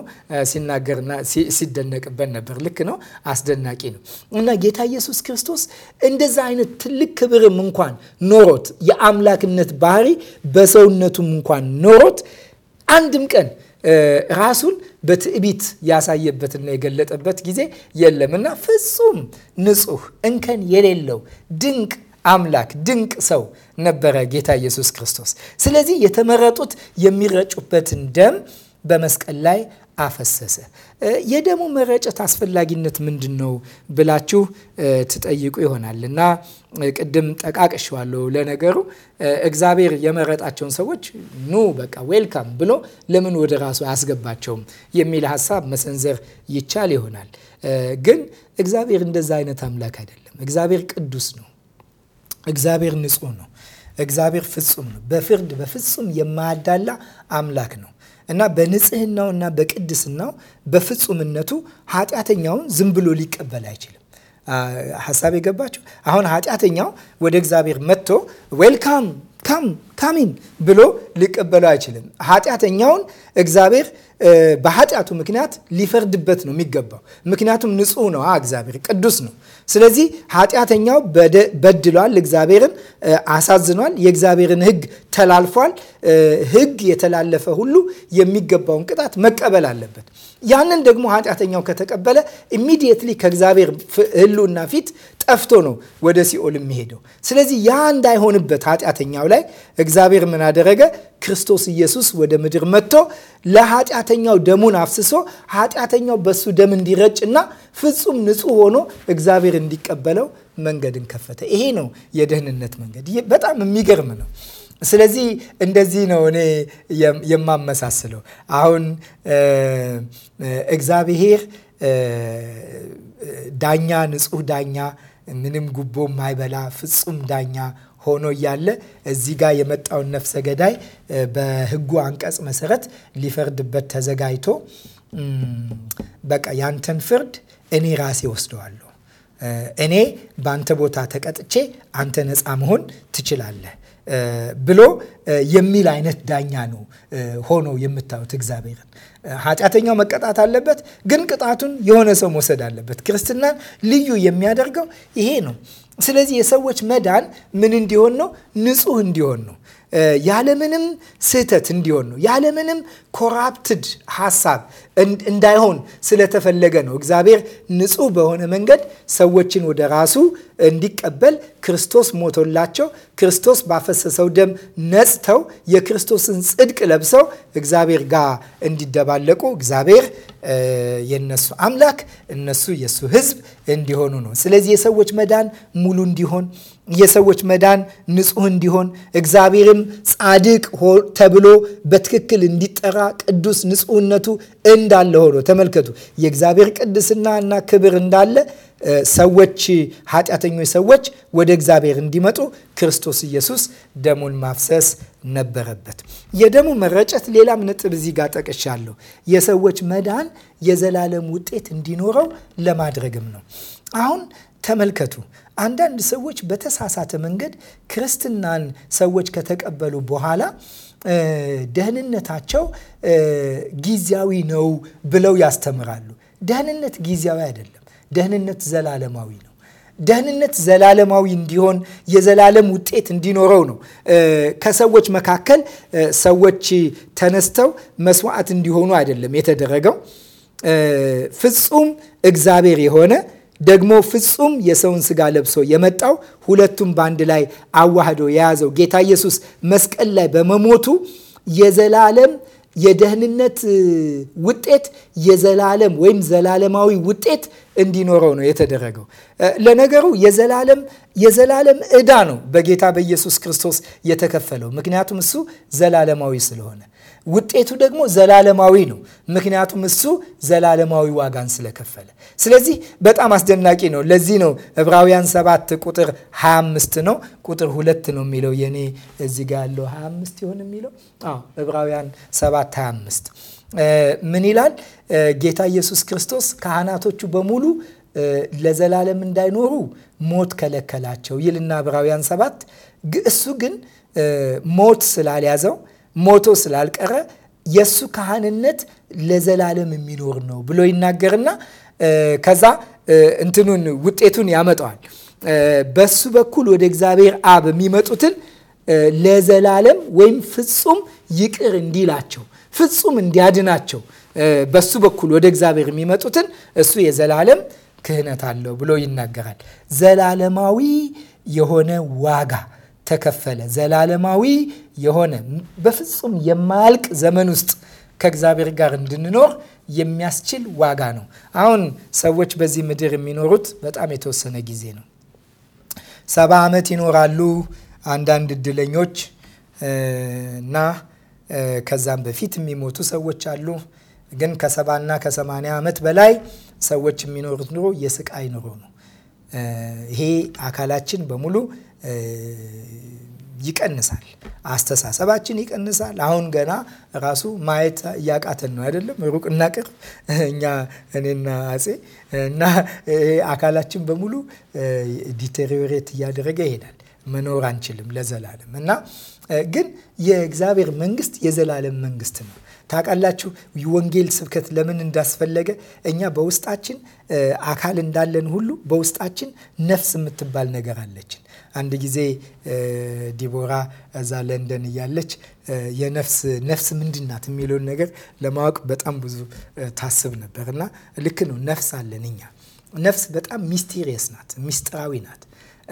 A: ሲናገርና ሲደነቅበት ነበር። ልክ ነው፣ አስደናቂ ነው። እና ጌታ ኢየሱስ ክርስቶስ እንደዛ አይነት ትልቅ ክብርም እንኳን ኖሮት የአምላክነት ባህሪ በሰውነቱም እንኳን ኖሮት አንድም ቀን ራሱን በትዕቢት ያሳየበትና የገለጠበት ጊዜ የለምና ፍጹም ንጹህ እንከን የሌለው ድንቅ አምላክ ድንቅ ሰው ነበረ ጌታ ኢየሱስ ክርስቶስ። ስለዚህ የተመረጡት የሚረጩበትን ደም በመስቀል ላይ አፈሰሰ። የደሙ መረጨት አስፈላጊነት ምንድን ነው ብላችሁ ትጠይቁ ይሆናል እና ቅድም ጠቃቅሼዋለሁ። ለነገሩ እግዚአብሔር የመረጣቸውን ሰዎች ኑ በቃ ዌልካም ብሎ ለምን ወደ ራሱ አያስገባቸውም የሚል ሀሳብ መሰንዘር ይቻል ይሆናል። ግን እግዚአብሔር እንደዛ አይነት አምላክ አይደለም። እግዚአብሔር ቅዱስ ነው። እግዚአብሔር ንጹህ ነው። እግዚአብሔር ፍጹም ነው። በፍርድ በፍጹም የማያዳላ አምላክ ነው። እና በንጽህናውና በቅድስናው በፍጹምነቱ ኃጢአተኛውን ዝም ብሎ ሊቀበል አይችልም። ሀሳብ የገባችሁ አሁን ኃጢአተኛው ወደ እግዚአብሔር መጥቶ ዌልካም ታም ታሚን ብሎ ሊቀበሉ አይችልም። ኃጢአተኛውን እግዚአብሔር በኃጢአቱ ምክንያት ሊፈርድበት ነው የሚገባው። ምክንያቱም ንጹህ ነው፣ እግዚአብሔር ቅዱስ ነው። ስለዚህ ኃጢአተኛው በድሏል፣ እግዚአብሔርን አሳዝኗል፣ የእግዚአብሔርን ሕግ ተላልፏል። ሕግ የተላለፈ ሁሉ የሚገባውን ቅጣት መቀበል አለበት። ያንን ደግሞ ኃጢአተኛው ከተቀበለ ኢሚዲየትሊ ከእግዚአብሔር ሕልውና ፊት ጠፍቶ ነው ወደ ሲኦል የሚሄደው። ስለዚህ ያ እንዳይሆንበት ኃጢአተኛው ላይ እግዚአብሔር ምን አደረገ? ክርስቶስ ኢየሱስ ወደ ምድር መጥቶ ለኃጢአተኛው ደሙን አፍስሶ ኃጢአተኛው በሱ ደም እንዲረጭ እና ፍጹም ንጹህ ሆኖ እግዚአብሔር እንዲቀበለው መንገድን ከፈተ። ይሄ ነው የደህንነት መንገድ። በጣም የሚገርም ነው። ስለዚህ እንደዚህ ነው እኔ የማመሳስለው። አሁን እግዚአብሔር ዳኛ፣ ንጹህ ዳኛ፣ ምንም ጉቦ ማይበላ ፍጹም ዳኛ ሆኖ እያለ እዚህ ጋር የመጣውን ነፍሰ ገዳይ በሕጉ አንቀጽ መሰረት ሊፈርድበት ተዘጋጅቶ በቃ ያንተን ፍርድ እኔ ራሴ ወስደዋለሁ፣ እኔ በአንተ ቦታ ተቀጥቼ አንተ ነፃ መሆን ትችላለህ ብሎ የሚል አይነት ዳኛ ነው ሆኖ የምታዩት እግዚአብሔርን። ኃጢአተኛው መቀጣት አለበት፣ ግን ቅጣቱን የሆነ ሰው መውሰድ አለበት። ክርስትናን ልዩ የሚያደርገው ይሄ ነው። ስለዚህ የሰዎች መዳን ምን እንዲሆን ነው? ንጹህ እንዲሆን ነው። ያለምንም ስህተት እንዲሆን ነው። ያለምንም ኮራፕትድ ሀሳብ እንዳይሆን ስለተፈለገ ነው። እግዚአብሔር ንጹህ በሆነ መንገድ ሰዎችን ወደ ራሱ እንዲቀበል ክርስቶስ ሞቶላቸው ክርስቶስ ባፈሰሰው ደም ነጽተው የክርስቶስን ጽድቅ ለብሰው እግዚአብሔር ጋር እንዲደባለቁ እግዚአብሔር የነሱ አምላክ እነሱ የሱ ሕዝብ እንዲሆኑ ነው። ስለዚህ የሰዎች መዳን ሙሉ እንዲሆን የሰዎች መዳን ንጹህ እንዲሆን እግዚአብሔርም ጻድቅ ተብሎ በትክክል እንዲጠራ ቅዱስ ንጹህነቱ እንዳለ ሆኖ ተመልከቱ፣ የእግዚአብሔር ቅድስና እና ክብር እንዳለ ሰዎች ኃጢአተኞች ሰዎች ወደ እግዚአብሔር እንዲመጡ ክርስቶስ ኢየሱስ ደሙን ማፍሰስ ነበረበት። የደሙ መረጨት ሌላም ነጥብ እዚህ ጋር ጠቅሻለሁ። የሰዎች መዳን የዘላለም ውጤት እንዲኖረው ለማድረግም ነው። አሁን ተመልከቱ። አንዳንድ ሰዎች በተሳሳተ መንገድ ክርስትናን ሰዎች ከተቀበሉ በኋላ ደህንነታቸው ጊዜያዊ ነው ብለው ያስተምራሉ። ደህንነት ጊዜያዊ አይደለም። ደህንነት ዘላለማዊ ነው። ደህንነት ዘላለማዊ እንዲሆን የዘላለም ውጤት እንዲኖረው ነው። ከሰዎች መካከል ሰዎች ተነስተው መስዋዕት እንዲሆኑ አይደለም የተደረገው ፍጹም እግዚአብሔር የሆነ ደግሞ ፍጹም የሰውን ስጋ ለብሶ የመጣው ሁለቱም በአንድ ላይ አዋህዶ የያዘው ጌታ ኢየሱስ መስቀል ላይ በመሞቱ የዘላለም የደህንነት ውጤት የዘላለም ወይም ዘላለማዊ ውጤት እንዲኖረው ነው የተደረገው። ለነገሩ የዘላለም የዘላለም ዕዳ ነው በጌታ በኢየሱስ ክርስቶስ የተከፈለው፣ ምክንያቱም እሱ ዘላለማዊ ስለሆነ ውጤቱ ደግሞ ዘላለማዊ ነው። ምክንያቱም እሱ ዘላለማዊ ዋጋን ስለከፈለ። ስለዚህ በጣም አስደናቂ ነው። ለዚህ ነው ዕብራውያን 7 ቁጥር 25 ነው ቁጥር 2 ነው የሚለው የኔ እዚህ ጋ ያለው 25 ይሆን የሚለው አዎ፣ ዕብራውያን 7 25 ምን ይላል? ጌታ ኢየሱስ ክርስቶስ ካህናቶቹ በሙሉ ለዘላለም እንዳይኖሩ ሞት ከለከላቸው ይልና ዕብራውያን 7 እሱ ግን ሞት ስላልያዘው ሞቶ ስላልቀረ የእሱ ካህንነት ለዘላለም የሚኖር ነው ብሎ ይናገርና ከዛ እንትኑን ውጤቱን ያመጣዋል። በሱ በኩል ወደ እግዚአብሔር አብ የሚመጡትን ለዘላለም ወይም ፍጹም ይቅር እንዲላቸው ፍጹም እንዲያድናቸው በሱ በኩል ወደ እግዚአብሔር የሚመጡትን እሱ የዘላለም ክህነት አለው ብሎ ይናገራል። ዘላለማዊ የሆነ ዋጋ ተከፈለ። ዘላለማዊ የሆነ በፍጹም የማያልቅ ዘመን ውስጥ ከእግዚአብሔር ጋር እንድንኖር የሚያስችል ዋጋ ነው። አሁን ሰዎች በዚህ ምድር የሚኖሩት በጣም የተወሰነ ጊዜ ነው። ሰባ ዓመት ይኖራሉ አንዳንድ እድለኞች እና ከዛም በፊት የሚሞቱ ሰዎች አሉ። ግን ከሰባና ከሰማንያ ዓመት በላይ ሰዎች የሚኖሩት ኑሮ የስቃይ ኑሮ ነው። ይሄ አካላችን በሙሉ ይቀንሳል። አስተሳሰባችን ይቀንሳል። አሁን ገና ራሱ ማየት እያቃተን ነው አይደለም? ሩቅ እና ቅርብ *laughs* እኛ እኔና አጼ እና አካላችን በሙሉ ዲቴሪዮሬት እያደረገ ይሄዳል። መኖር አንችልም ለዘላለም እና ግን የእግዚአብሔር መንግስት የዘላለም መንግስት ነው ታውቃላችሁ ወንጌል ስብከት ለምን እንዳስፈለገ? እኛ በውስጣችን አካል እንዳለን ሁሉ በውስጣችን ነፍስ የምትባል ነገር አለችን። አንድ ጊዜ ዲቦራ እዛ ለንደን እያለች የነፍስ ነፍስ ምንድናት ናት የሚለውን ነገር ለማወቅ በጣም ብዙ ታስብ ነበር እና ልክ ነው። ነፍስ አለን እኛ። ነፍስ በጣም ሚስቴሪየስ ናት፣ ሚስጥራዊ ናት።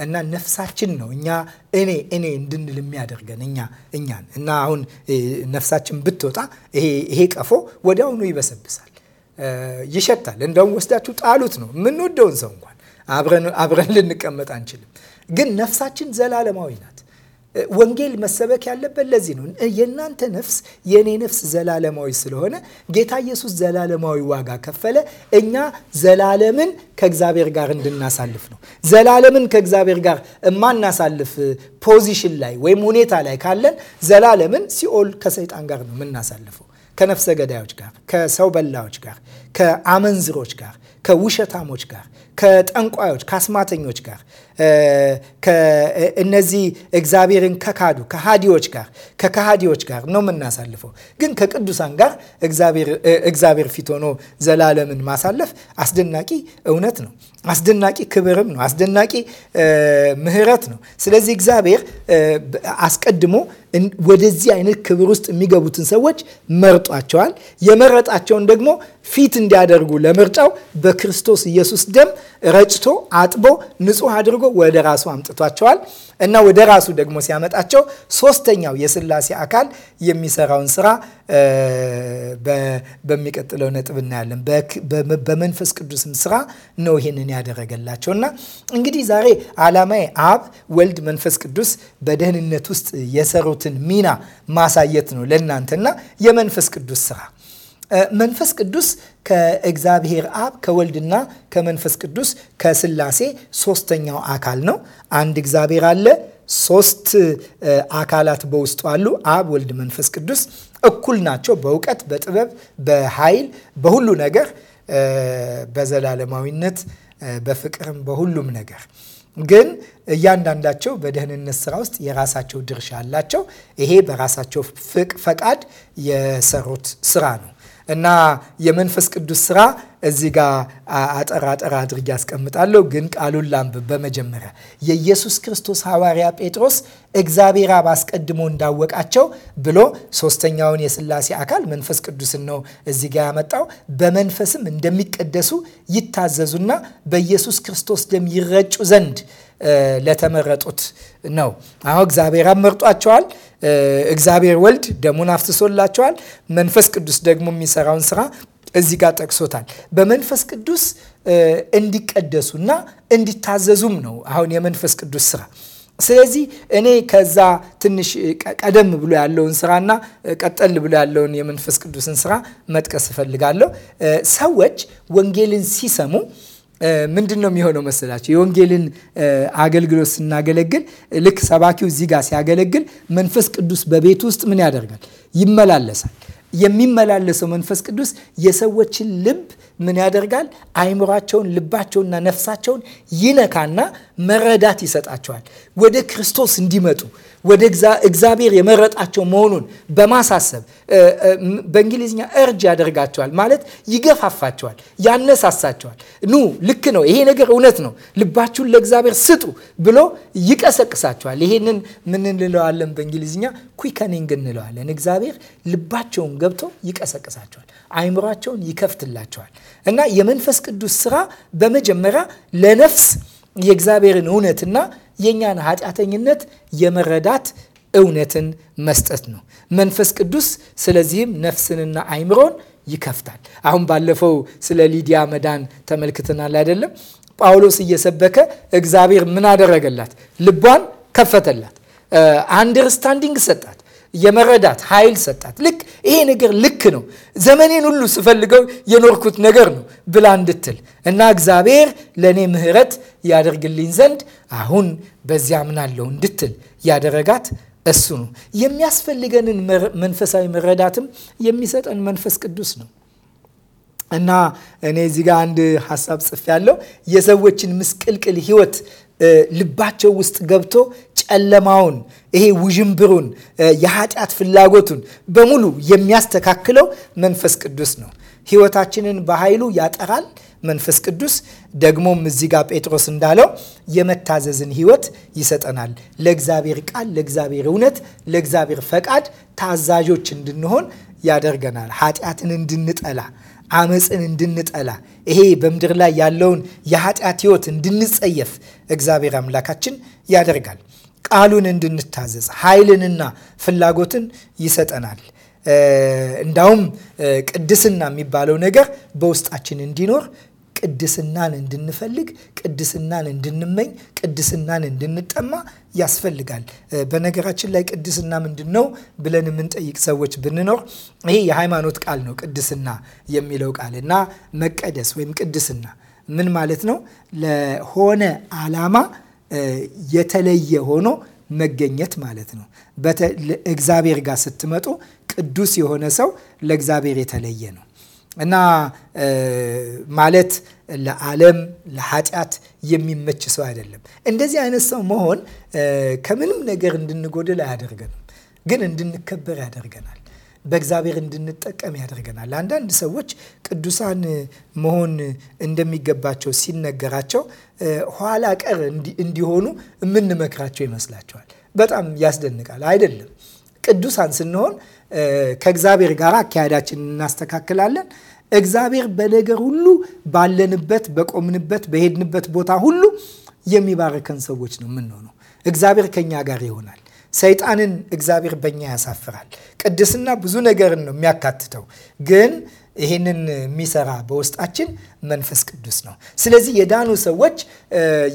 A: እና ነፍሳችን ነው እኛ እኔ እኔ እንድንል የሚያደርገን እኛ እኛን እና አሁን ነፍሳችን ብትወጣ ይሄ ቀፎ ወዲያውኑ ይበሰብሳል፣ ይሸታል። እንደውም ወስዳችሁ ጣሉት ነው የምንወደውን ሰው እንኳን አብረን ልንቀመጥ አንችልም። ግን ነፍሳችን ዘላለማዊ ናት። ወንጌል መሰበክ ያለበት ለዚህ ነው። የእናንተ ነፍስ የእኔ ነፍስ ዘላለማዊ ስለሆነ ጌታ ኢየሱስ ዘላለማዊ ዋጋ ከፈለ። እኛ ዘላለምን ከእግዚአብሔር ጋር እንድናሳልፍ ነው። ዘላለምን ከእግዚአብሔር ጋር የማናሳልፍ ፖዚሽን ላይ ወይም ሁኔታ ላይ ካለን ዘላለምን ሲኦል ከሰይጣን ጋር ነው የምናሳልፈው፣ ከነፍሰ ገዳዮች ጋር፣ ከሰው በላዎች ጋር፣ ከአመንዝሮች ጋር፣ ከውሸታሞች ጋር፣ ከጠንቋዮች፣ ከአስማተኞች ጋር እነዚህ እግዚአብሔርን ከካዱ ከሃዲዎች ጋር ከከሃዲዎች ጋር ነው የምናሳልፈው። ግን ከቅዱሳን ጋር እግዚአብሔር ፊት ሆኖ ዘላለምን ማሳለፍ አስደናቂ እውነት ነው። አስደናቂ ክብርም ነው። አስደናቂ ምሕረት ነው። ስለዚህ እግዚአብሔር አስቀድሞ ወደዚህ አይነት ክብር ውስጥ የሚገቡትን ሰዎች መርጧቸዋል። የመረጣቸውን ደግሞ ፊት እንዲያደርጉ ለምርጫው በክርስቶስ ኢየሱስ ደም ረጭቶ አጥቦ ንጹህ አድርጎ ወደ ራሱ አምጥቷቸዋል እና ወደ ራሱ ደግሞ ሲያመጣቸው ሶስተኛው የስላሴ አካል የሚሰራውን ስራ በሚቀጥለው ነጥብ እናያለን። በመንፈስ ቅዱስም ስራ ነው ይህንን ያደረገላቸው እና እንግዲህ ዛሬ አላማ አብ፣ ወልድ፣ መንፈስ ቅዱስ በደህንነት ውስጥ የሰሩትን ሚና ማሳየት ነው ለእናንተና የመንፈስ ቅዱስ ስራ መንፈስ ቅዱስ ከእግዚአብሔር አብ ከወልድና ከመንፈስ ቅዱስ ከስላሴ ሶስተኛው አካል ነው። አንድ እግዚአብሔር አለ። ሶስት አካላት በውስጡ አሉ። አብ፣ ወልድ፣ መንፈስ ቅዱስ እኩል ናቸው በእውቀት፣ በጥበብ፣ በኃይል፣ በሁሉ ነገር በዘላለማዊነት በፍቅርም በሁሉም ነገር ግን እያንዳንዳቸው በደህንነት ስራ ውስጥ የራሳቸው ድርሻ አላቸው። ይሄ በራሳቸው ፈቃድ የሰሩት ስራ ነው። እና የመንፈስ ቅዱስ ስራ እዚህ ጋር አጠራ አጠር አድርጌ ያስቀምጣለሁ፣ ግን ቃሉን ላንብብ። በመጀመሪያ የኢየሱስ ክርስቶስ ሐዋርያ ጴጥሮስ እግዚአብሔር አብ አስቀድሞ እንዳወቃቸው ብሎ ሶስተኛውን የስላሴ አካል መንፈስ ቅዱስን ነው እዚህ ጋር ያመጣው። በመንፈስም እንደሚቀደሱ ይታዘዙና በኢየሱስ ክርስቶስ ደም ይረጩ ዘንድ ለተመረጡት ነው። አሁን እግዚአብሔር አመርጧቸዋል። እግዚአብሔር ወልድ ደሙን አፍስሶላቸዋል። መንፈስ ቅዱስ ደግሞ የሚሰራውን ስራ እዚህ ጋር ጠቅሶታል። በመንፈስ ቅዱስ እንዲቀደሱና እንዲታዘዙም ነው አሁን የመንፈስ ቅዱስ ስራ። ስለዚህ እኔ ከዛ ትንሽ ቀደም ብሎ ያለውን ስራና ቀጠል ብሎ ያለውን የመንፈስ ቅዱስን ስራ መጥቀስ እፈልጋለሁ። ሰዎች ወንጌልን ሲሰሙ ምንድን ነው የሚሆነው መሰላቸው? የወንጌልን አገልግሎት ስናገለግል ልክ ሰባኪው እዚህ ጋር ሲያገለግል መንፈስ ቅዱስ በቤት ውስጥ ምን ያደርጋል? ይመላለሳል። የሚመላለሰው መንፈስ ቅዱስ የሰዎችን ልብ ምን ያደርጋል? አይምሯቸውን፣ ልባቸውንና ነፍሳቸውን ይነካና መረዳት ይሰጣቸዋል። ወደ ክርስቶስ እንዲመጡ ወደ እግዚአብሔር የመረጣቸው መሆኑን በማሳሰብ በእንግሊዝኛ እርጅ ያደርጋቸዋል ማለት ይገፋፋቸዋል፣ ያነሳሳቸዋል። ኑ ልክ ነው፣ ይሄ ነገር እውነት ነው፣ ልባችሁን ለእግዚአብሔር ስጡ ብሎ ይቀሰቅሳቸዋል። ይሄንን ምን እንለዋለን? በእንግሊዝኛ ኩከኒንግ እንለዋለን። እግዚአብሔር ልባቸውን ገብቶ ይቀሰቅሳቸዋል፣ አይምሯቸውን ይከፍትላቸዋል። እና የመንፈስ ቅዱስ ስራ በመጀመሪያ ለነፍስ የእግዚአብሔርን እውነትና የእኛን ኃጢአተኝነት የመረዳት እውነትን መስጠት ነው። መንፈስ ቅዱስ ስለዚህም ነፍስንና አይምሮን ይከፍታል። አሁን ባለፈው ስለ ሊዲያ መዳን ተመልክተናል አይደለም? ጳውሎስ እየሰበከ እግዚአብሔር ምን አደረገላት? ልቧን ከፈተላት፣ አንደርስታንዲንግ ሰጣት፣ የመረዳት ኃይል ሰጣት። ልክ ይሄ ነገር ልክ ነው፣ ዘመኔን ሁሉ ስፈልገው የኖርኩት ነገር ነው ብላ እንድትል እና እግዚአብሔር ለእኔ ምሕረት ያደርግልኝ ዘንድ አሁን በዚያ ምናለው እንድትል ያደረጋት እሱ ነው። የሚያስፈልገንን መንፈሳዊ መረዳትም የሚሰጠን መንፈስ ቅዱስ ነው እና እኔ እዚህ ጋር አንድ ሀሳብ ጽፍ ያለው የሰዎችን ምስቅልቅል ህይወት ልባቸው ውስጥ ገብቶ ጨለማውን ይሄ ውዥንብሩን የኃጢአት ፍላጎቱን በሙሉ የሚያስተካክለው መንፈስ ቅዱስ ነው። ህይወታችንን በኃይሉ ያጠራል መንፈስ ቅዱስ ደግሞም እዚህ ጋር ጴጥሮስ እንዳለው የመታዘዝን ህይወት ይሰጠናል። ለእግዚአብሔር ቃል፣ ለእግዚአብሔር እውነት፣ ለእግዚአብሔር ፈቃድ ታዛዦች እንድንሆን ያደርገናል። ኃጢአትን እንድንጠላ አመፅን እንድንጠላ ይሄ በምድር ላይ ያለውን የኃጢአት ህይወት እንድንጸየፍ እግዚአብሔር አምላካችን ያደርጋል። ቃሉን እንድንታዘዝ ኃይልንና ፍላጎትን ይሰጠናል። እንዳውም ቅድስና የሚባለው ነገር በውስጣችን እንዲኖር ቅድስናን እንድንፈልግ፣ ቅድስናን እንድንመኝ፣ ቅድስናን እንድንጠማ ያስፈልጋል። በነገራችን ላይ ቅድስና ምንድን ነው ብለን የምንጠይቅ ሰዎች ብንኖር ይሄ የሃይማኖት ቃል ነው። ቅድስና የሚለው ቃል እና መቀደስ ወይም ቅድስና ምን ማለት ነው? ለሆነ ዓላማ የተለየ ሆኖ መገኘት ማለት ነው። እግዚአብሔር ጋር ስትመጡ ቅዱስ የሆነ ሰው ለእግዚአብሔር የተለየ ነው እና ማለት ለዓለም ለኃጢአት የሚመች ሰው አይደለም። እንደዚህ አይነት ሰው መሆን ከምንም ነገር እንድንጎድል አያደርገንም፣ ግን እንድንከበር ያደርገናል። በእግዚአብሔር እንድንጠቀም ያደርገናል። አንዳንድ ሰዎች ቅዱሳን መሆን እንደሚገባቸው ሲነገራቸው ኋላ ቀር እንዲሆኑ የምንመክራቸው ይመስላቸዋል። በጣም ያስደንቃል። አይደለም። ቅዱሳን ስንሆን ከእግዚአብሔር ጋር አካሄዳችን እናስተካክላለን። እግዚአብሔር በነገር ሁሉ ባለንበት፣ በቆምንበት፣ በሄድንበት ቦታ ሁሉ የሚባርከን ሰዎች ነው የምንሆነው። እግዚአብሔር ከኛ ጋር ይሆናል። ሰይጣንን እግዚአብሔር በእኛ ያሳፍራል። ቅድስና ብዙ ነገርን ነው የሚያካትተው ግን ይህንን የሚሰራ በውስጣችን መንፈስ ቅዱስ ነው። ስለዚህ የዳኑ ሰዎች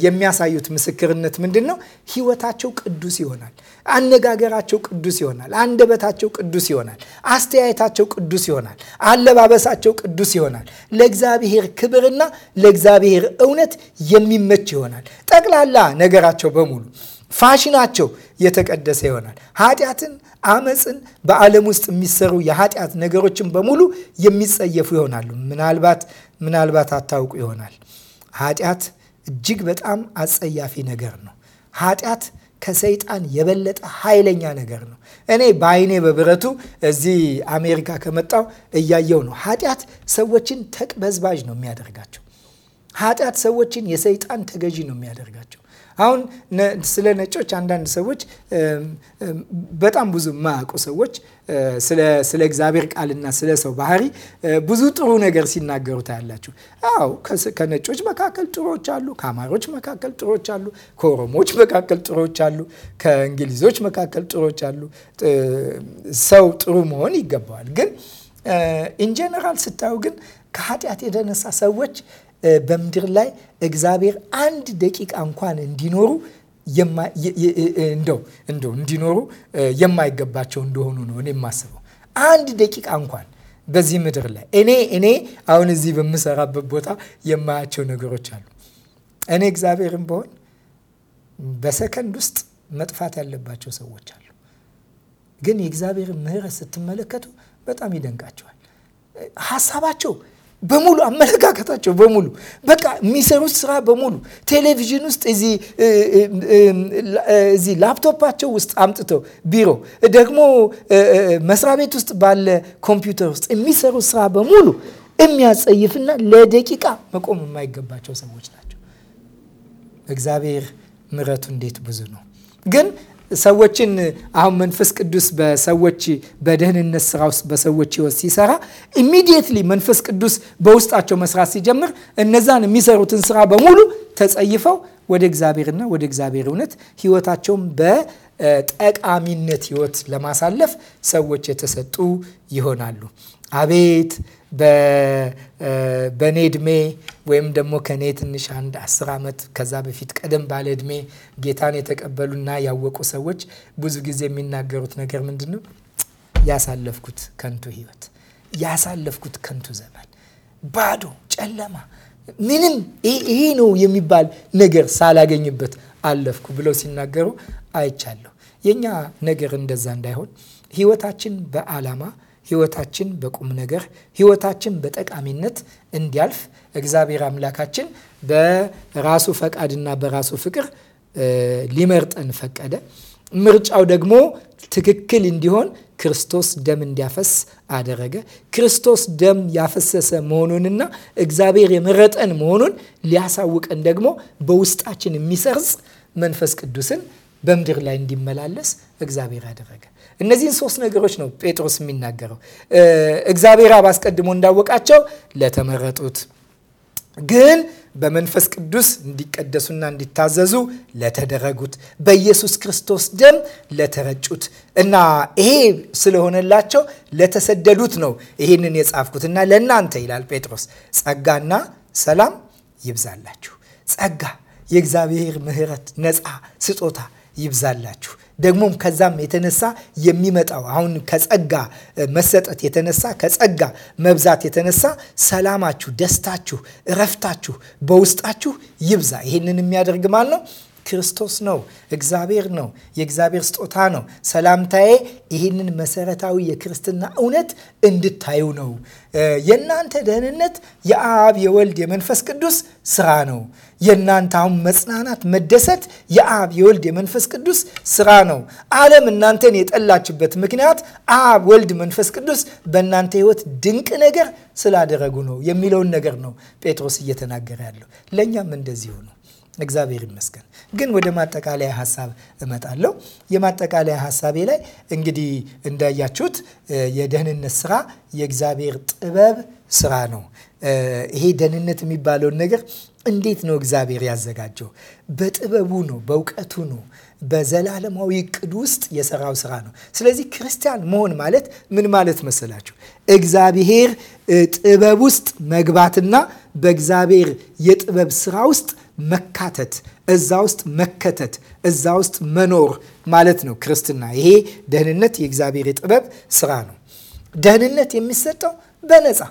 A: የሚያሳዩት ምስክርነት ምንድን ነው? ሕይወታቸው ቅዱስ ይሆናል። አነጋገራቸው ቅዱስ ይሆናል። አንደበታቸው ቅዱስ ይሆናል። አስተያየታቸው ቅዱስ ይሆናል። አለባበሳቸው ቅዱስ ይሆናል። ለእግዚአብሔር ክብርና ለእግዚአብሔር እውነት የሚመች ይሆናል። ጠቅላላ ነገራቸው በሙሉ ፋሽናቸው የተቀደሰ ይሆናል። ኃጢአትን፣ አመፅን በዓለም ውስጥ የሚሰሩ የኃጢአት ነገሮችን በሙሉ የሚጸየፉ ይሆናሉ። ምናልባት ምናልባት አታውቁ ይሆናል ኃጢአት እጅግ በጣም አጸያፊ ነገር ነው። ኃጢአት ከሰይጣን የበለጠ ኃይለኛ ነገር ነው። እኔ በአይኔ በብረቱ እዚህ አሜሪካ ከመጣው እያየው ነው። ኃጢአት ሰዎችን ተቅበዝባዥ ነው የሚያደርጋቸው። ኃጢአት ሰዎችን የሰይጣን ተገዢ ነው የሚያደርጋቸው። አሁን ስለ ነጮች አንዳንድ ሰዎች በጣም ብዙ የማያውቁ ሰዎች ስለ እግዚአብሔር ቃልና ስለ ሰው ባህሪ ብዙ ጥሩ ነገር ሲናገሩ ታያላችሁ። አዎ ከነጮች መካከል ጥሮች አሉ፣ ከአማሮች መካከል ጥሮች አሉ፣ ከኦሮሞዎች መካከል ጥሮች አሉ፣ ከእንግሊዞች መካከል ጥሮች አሉ። ሰው ጥሩ መሆን ይገባዋል። ግን ኢንጀነራል ስታዩ ግን ከኃጢአት የተነሳ ሰዎች በምድር ላይ እግዚአብሔር አንድ ደቂቃ እንኳን እንዲኖሩ እንደው እንደው እንዲኖሩ የማይገባቸው እንደሆኑ ነው እኔ የማስበው። አንድ ደቂቃ እንኳን በዚህ ምድር ላይ እኔ እኔ አሁን እዚህ በምሰራበት ቦታ የማያቸው ነገሮች አሉ። እኔ እግዚአብሔርን በሆን በሰከንድ ውስጥ መጥፋት ያለባቸው ሰዎች አሉ። ግን የእግዚአብሔርን ምሕረት ስትመለከቱ በጣም ይደንቃቸዋል ሀሳባቸው በሙሉ አመለካከታቸው በሙሉ በቃ የሚሰሩት ስራ በሙሉ ቴሌቪዥን ውስጥ እዚህ ላፕቶፓቸው ውስጥ አምጥተው ቢሮ ደግሞ መስሪያ ቤት ውስጥ ባለ ኮምፒውተር ውስጥ የሚሰሩት ስራ በሙሉ የሚያጸይፍና ለደቂቃ መቆም የማይገባቸው ሰዎች ናቸው። እግዚአብሔር ምረቱ እንዴት ብዙ ነው ግን ሰዎችን አሁን መንፈስ ቅዱስ በሰዎች በደህንነት ስራ ውስጥ በሰዎች ህይወት ሲሰራ ኢሚዲየትሊ መንፈስ ቅዱስ በውስጣቸው መስራት ሲጀምር እነዛን የሚሰሩትን ስራ በሙሉ ተጸይፈው ወደ እግዚአብሔርና ወደ እግዚአብሔር እውነት ህይወታቸውን በጠቃሚነት ህይወት ለማሳለፍ ሰዎች የተሰጡ ይሆናሉ። አቤት በእኔ እድሜ ወይም ደግሞ ከእኔ ትንሽ አንድ አስር ዓመት ከዛ በፊት ቀደም ባለ እድሜ ጌታን የተቀበሉና ያወቁ ሰዎች ብዙ ጊዜ የሚናገሩት ነገር ምንድን ነው? ያሳለፍኩት ከንቱ ህይወት፣ ያሳለፍኩት ከንቱ ዘመን፣ ባዶ ጨለማ፣ ምንም ይሄ ነው የሚባል ነገር ሳላገኝበት አለፍኩ ብለው ሲናገሩ አይቻለሁ። የእኛ ነገር እንደዛ እንዳይሆን ህይወታችን በዓላማ ህይወታችን በቁም ነገር ህይወታችን በጠቃሚነት እንዲያልፍ እግዚአብሔር አምላካችን በራሱ ፈቃድና በራሱ ፍቅር ሊመርጠን ፈቀደ። ምርጫው ደግሞ ትክክል እንዲሆን ክርስቶስ ደም እንዲያፈስ አደረገ። ክርስቶስ ደም ያፈሰሰ መሆኑንና እግዚአብሔር የመረጠን መሆኑን ሊያሳውቀን ደግሞ በውስጣችን የሚሰርጽ መንፈስ ቅዱስን በምድር ላይ እንዲመላለስ እግዚአብሔር አደረገ። እነዚህን ሶስት ነገሮች ነው ጴጥሮስ የሚናገረው። እግዚአብሔር አብ አስቀድሞ እንዳወቃቸው ለተመረጡት ግን በመንፈስ ቅዱስ እንዲቀደሱና እንዲታዘዙ ለተደረጉት በኢየሱስ ክርስቶስ ደም ለተረጩት እና ይሄ ስለሆነላቸው ለተሰደዱት ነው ይህንን የጻፍኩት እና ለእናንተ ይላል ጴጥሮስ ጸጋና ሰላም ይብዛላችሁ። ጸጋ የእግዚአብሔር ምሕረት ነፃ ስጦታ ይብዛላችሁ። ደግሞም ከዛም የተነሳ የሚመጣው አሁን ከጸጋ መሰጠት የተነሳ ከጸጋ መብዛት የተነሳ ሰላማችሁ፣ ደስታችሁ፣ እረፍታችሁ በውስጣችሁ ይብዛ። ይህንን የሚያደርግ ማን ነው? ክርስቶስ ነው፣ እግዚአብሔር ነው፣ የእግዚአብሔር ስጦታ ነው። ሰላምታዬ ይህንን መሰረታዊ የክርስትና እውነት እንድታዩ ነው። የእናንተ ደህንነት የአብ የወልድ የመንፈስ ቅዱስ ስራ ነው። የእናንተ አሁን መጽናናት፣ መደሰት የአብ የወልድ የመንፈስ ቅዱስ ስራ ነው። ዓለም እናንተን የጠላችበት ምክንያት አብ፣ ወልድ፣ መንፈስ ቅዱስ በእናንተ ህይወት ድንቅ ነገር ስላደረጉ ነው የሚለውን ነገር ነው ጴጥሮስ እየተናገረ ያለው። ለእኛም እንደዚሁ ነው። እግዚአብሔር ይመስገን። ግን ወደ ማጠቃለያ ሀሳብ እመጣለሁ። የማጠቃለያ ሀሳቤ ላይ እንግዲህ እንዳያችሁት የደህንነት ስራ የእግዚአብሔር ጥበብ ስራ ነው። ይሄ ደህንነት የሚባለውን ነገር እንዴት ነው እግዚአብሔር ያዘጋጀው? በጥበቡ ነው፣ በእውቀቱ ነው፣ በዘላለማዊ እቅድ ውስጥ የሰራው ስራ ነው። ስለዚህ ክርስቲያን መሆን ማለት ምን ማለት መሰላችሁ? እግዚአብሔር ጥበብ ውስጥ መግባትና በእግዚአብሔር የጥበብ ስራ ውስጥ መካተት፣ እዛ ውስጥ መከተት፣ እዛ ውስጥ መኖር ማለት ነው ክርስትና። ይሄ ደህንነት የእግዚአብሔር የጥበብ ስራ ነው። ደህንነት የሚሰጠው በነፃ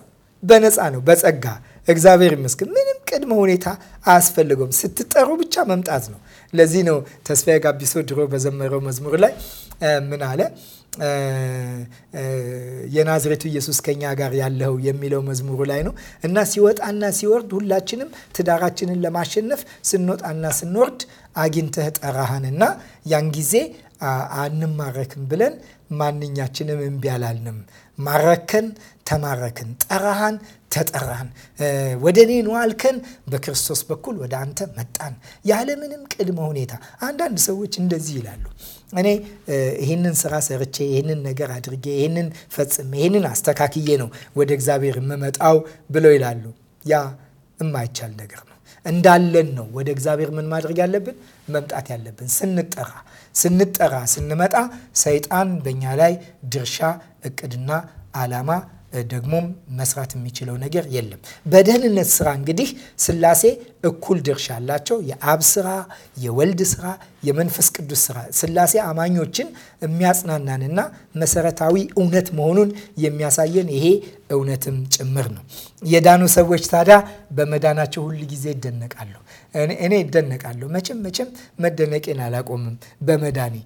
A: በነፃ ነው፣ በጸጋ እግዚአብሔር ይመስገን። ምንም ቅድመ ሁኔታ አያስፈልገውም። ስትጠሩ ብቻ መምጣት ነው። ለዚህ ነው ተስፋዬ ጋቢሶ ድሮ በዘመረው መዝሙር ላይ ምን አለ? የናዝሬቱ ኢየሱስ ከኛ ጋር ያለው የሚለው መዝሙሩ ላይ ነው እና ሲወጣና ሲወርድ ሁላችንም ትዳራችንን ለማሸነፍ ስንወጣና ስንወርድ አግኝተህ ጠራህንና ያን ጊዜ አንማረክም ብለን ማንኛችንም እምቢ አላልንም። ማረከን፣ ተማረክን። ጠራሃን፣ ተጠራን። ወደ እኔ ኑ አልከን፣ በክርስቶስ በኩል ወደ አንተ መጣን ያለምንም ቅድመ ሁኔታ። አንዳንድ ሰዎች እንደዚህ ይላሉ። እኔ ይህንን ስራ ሰርቼ ይህንን ነገር አድርጌ ይህንን ፈጽሜ ይህንን አስተካክዬ ነው ወደ እግዚአብሔር የምመጣው ብለው ይላሉ። ያ የማይቻል ነገር ነው። እንዳለን ነው ወደ እግዚአብሔር ምን ማድረግ ያለብን መምጣት ያለብን። ስንጠራ ስንጠራ ስንመጣ ሰይጣን በእኛ ላይ ድርሻ እቅድና አላማ ደግሞም መስራት የሚችለው ነገር የለም። በደህንነት ስራ እንግዲህ ስላሴ እኩል ድርሻ አላቸው። የአብ ስራ፣ የወልድ ስራ፣ የመንፈስ ቅዱስ ስራ ስላሴ አማኞችን የሚያጽናናንና መሰረታዊ እውነት መሆኑን የሚያሳየን ይሄ እውነትም ጭምር ነው። የዳኑ ሰዎች ታዲያ በመዳናቸው ሁል ጊዜ ይደነቃሉ። እኔ ይደነቃለሁ። መቼም መቼም መደነቄን አላቆምም በመዳኔ።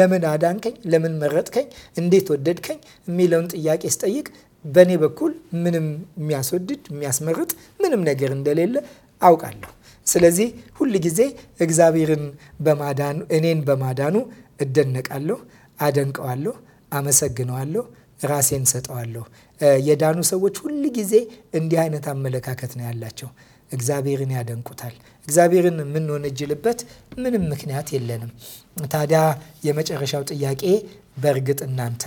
A: ለምን አዳንከኝ፣ ለምን መረጥከኝ፣ እንዴት ወደድከኝ የሚለውን ጥያቄ ስጠይቅ በእኔ በኩል ምንም የሚያስወድድ የሚያስመርጥ ምንም ነገር እንደሌለ አውቃለሁ። ስለዚህ ሁል ጊዜ እግዚአብሔርን በማዳኑ እኔን በማዳኑ እደነቃለሁ፣ አደንቀዋለሁ፣ አመሰግነዋለሁ፣ ራሴን ሰጠዋለሁ። የዳኑ ሰዎች ሁል ጊዜ እንዲህ አይነት አመለካከት ነው ያላቸው። እግዚአብሔርን ያደንቁታል። እግዚአብሔርን የምንወነጅልበት ምንም ምክንያት የለንም። ታዲያ የመጨረሻው ጥያቄ በእርግጥ እናንተ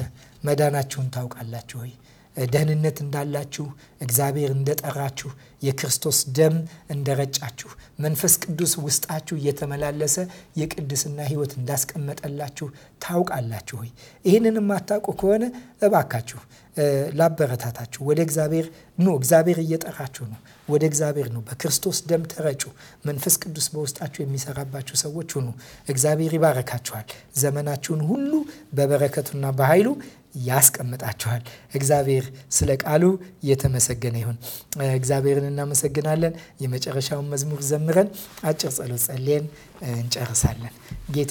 A: መዳናችሁን ታውቃላችሁ ወይ? ደህንነት እንዳላችሁ፣ እግዚአብሔር እንደጠራችሁ፣ የክርስቶስ ደም እንደረጫችሁ፣ መንፈስ ቅዱስ ውስጣችሁ እየተመላለሰ የቅድስና ሕይወት እንዳስቀመጠላችሁ ታውቃላችሁ ሆይ ይህንን የማታውቁ ከሆነ እባካችሁ ላበረታታችሁ ወደ እግዚአብሔር ኑ። እግዚአብሔር እየጠራችሁ ነው። ወደ እግዚአብሔር ነው። በክርስቶስ ደም ተረጩ። መንፈስ ቅዱስ በውስጣችሁ የሚሰራባችሁ ሰዎች ሁኑ። እግዚአብሔር ይባረካችኋል። ዘመናችሁን ሁሉ በበረከቱና በኃይሉ ያስቀምጣችኋል። እግዚአብሔር ስለ ቃሉ የተመሰገነ ይሁን። እግዚአብሔርን እናመሰግናለን። የመጨረሻውን መዝሙር ዘምረን አጭር ጸሎት ጸልየን እንጨርሳለን።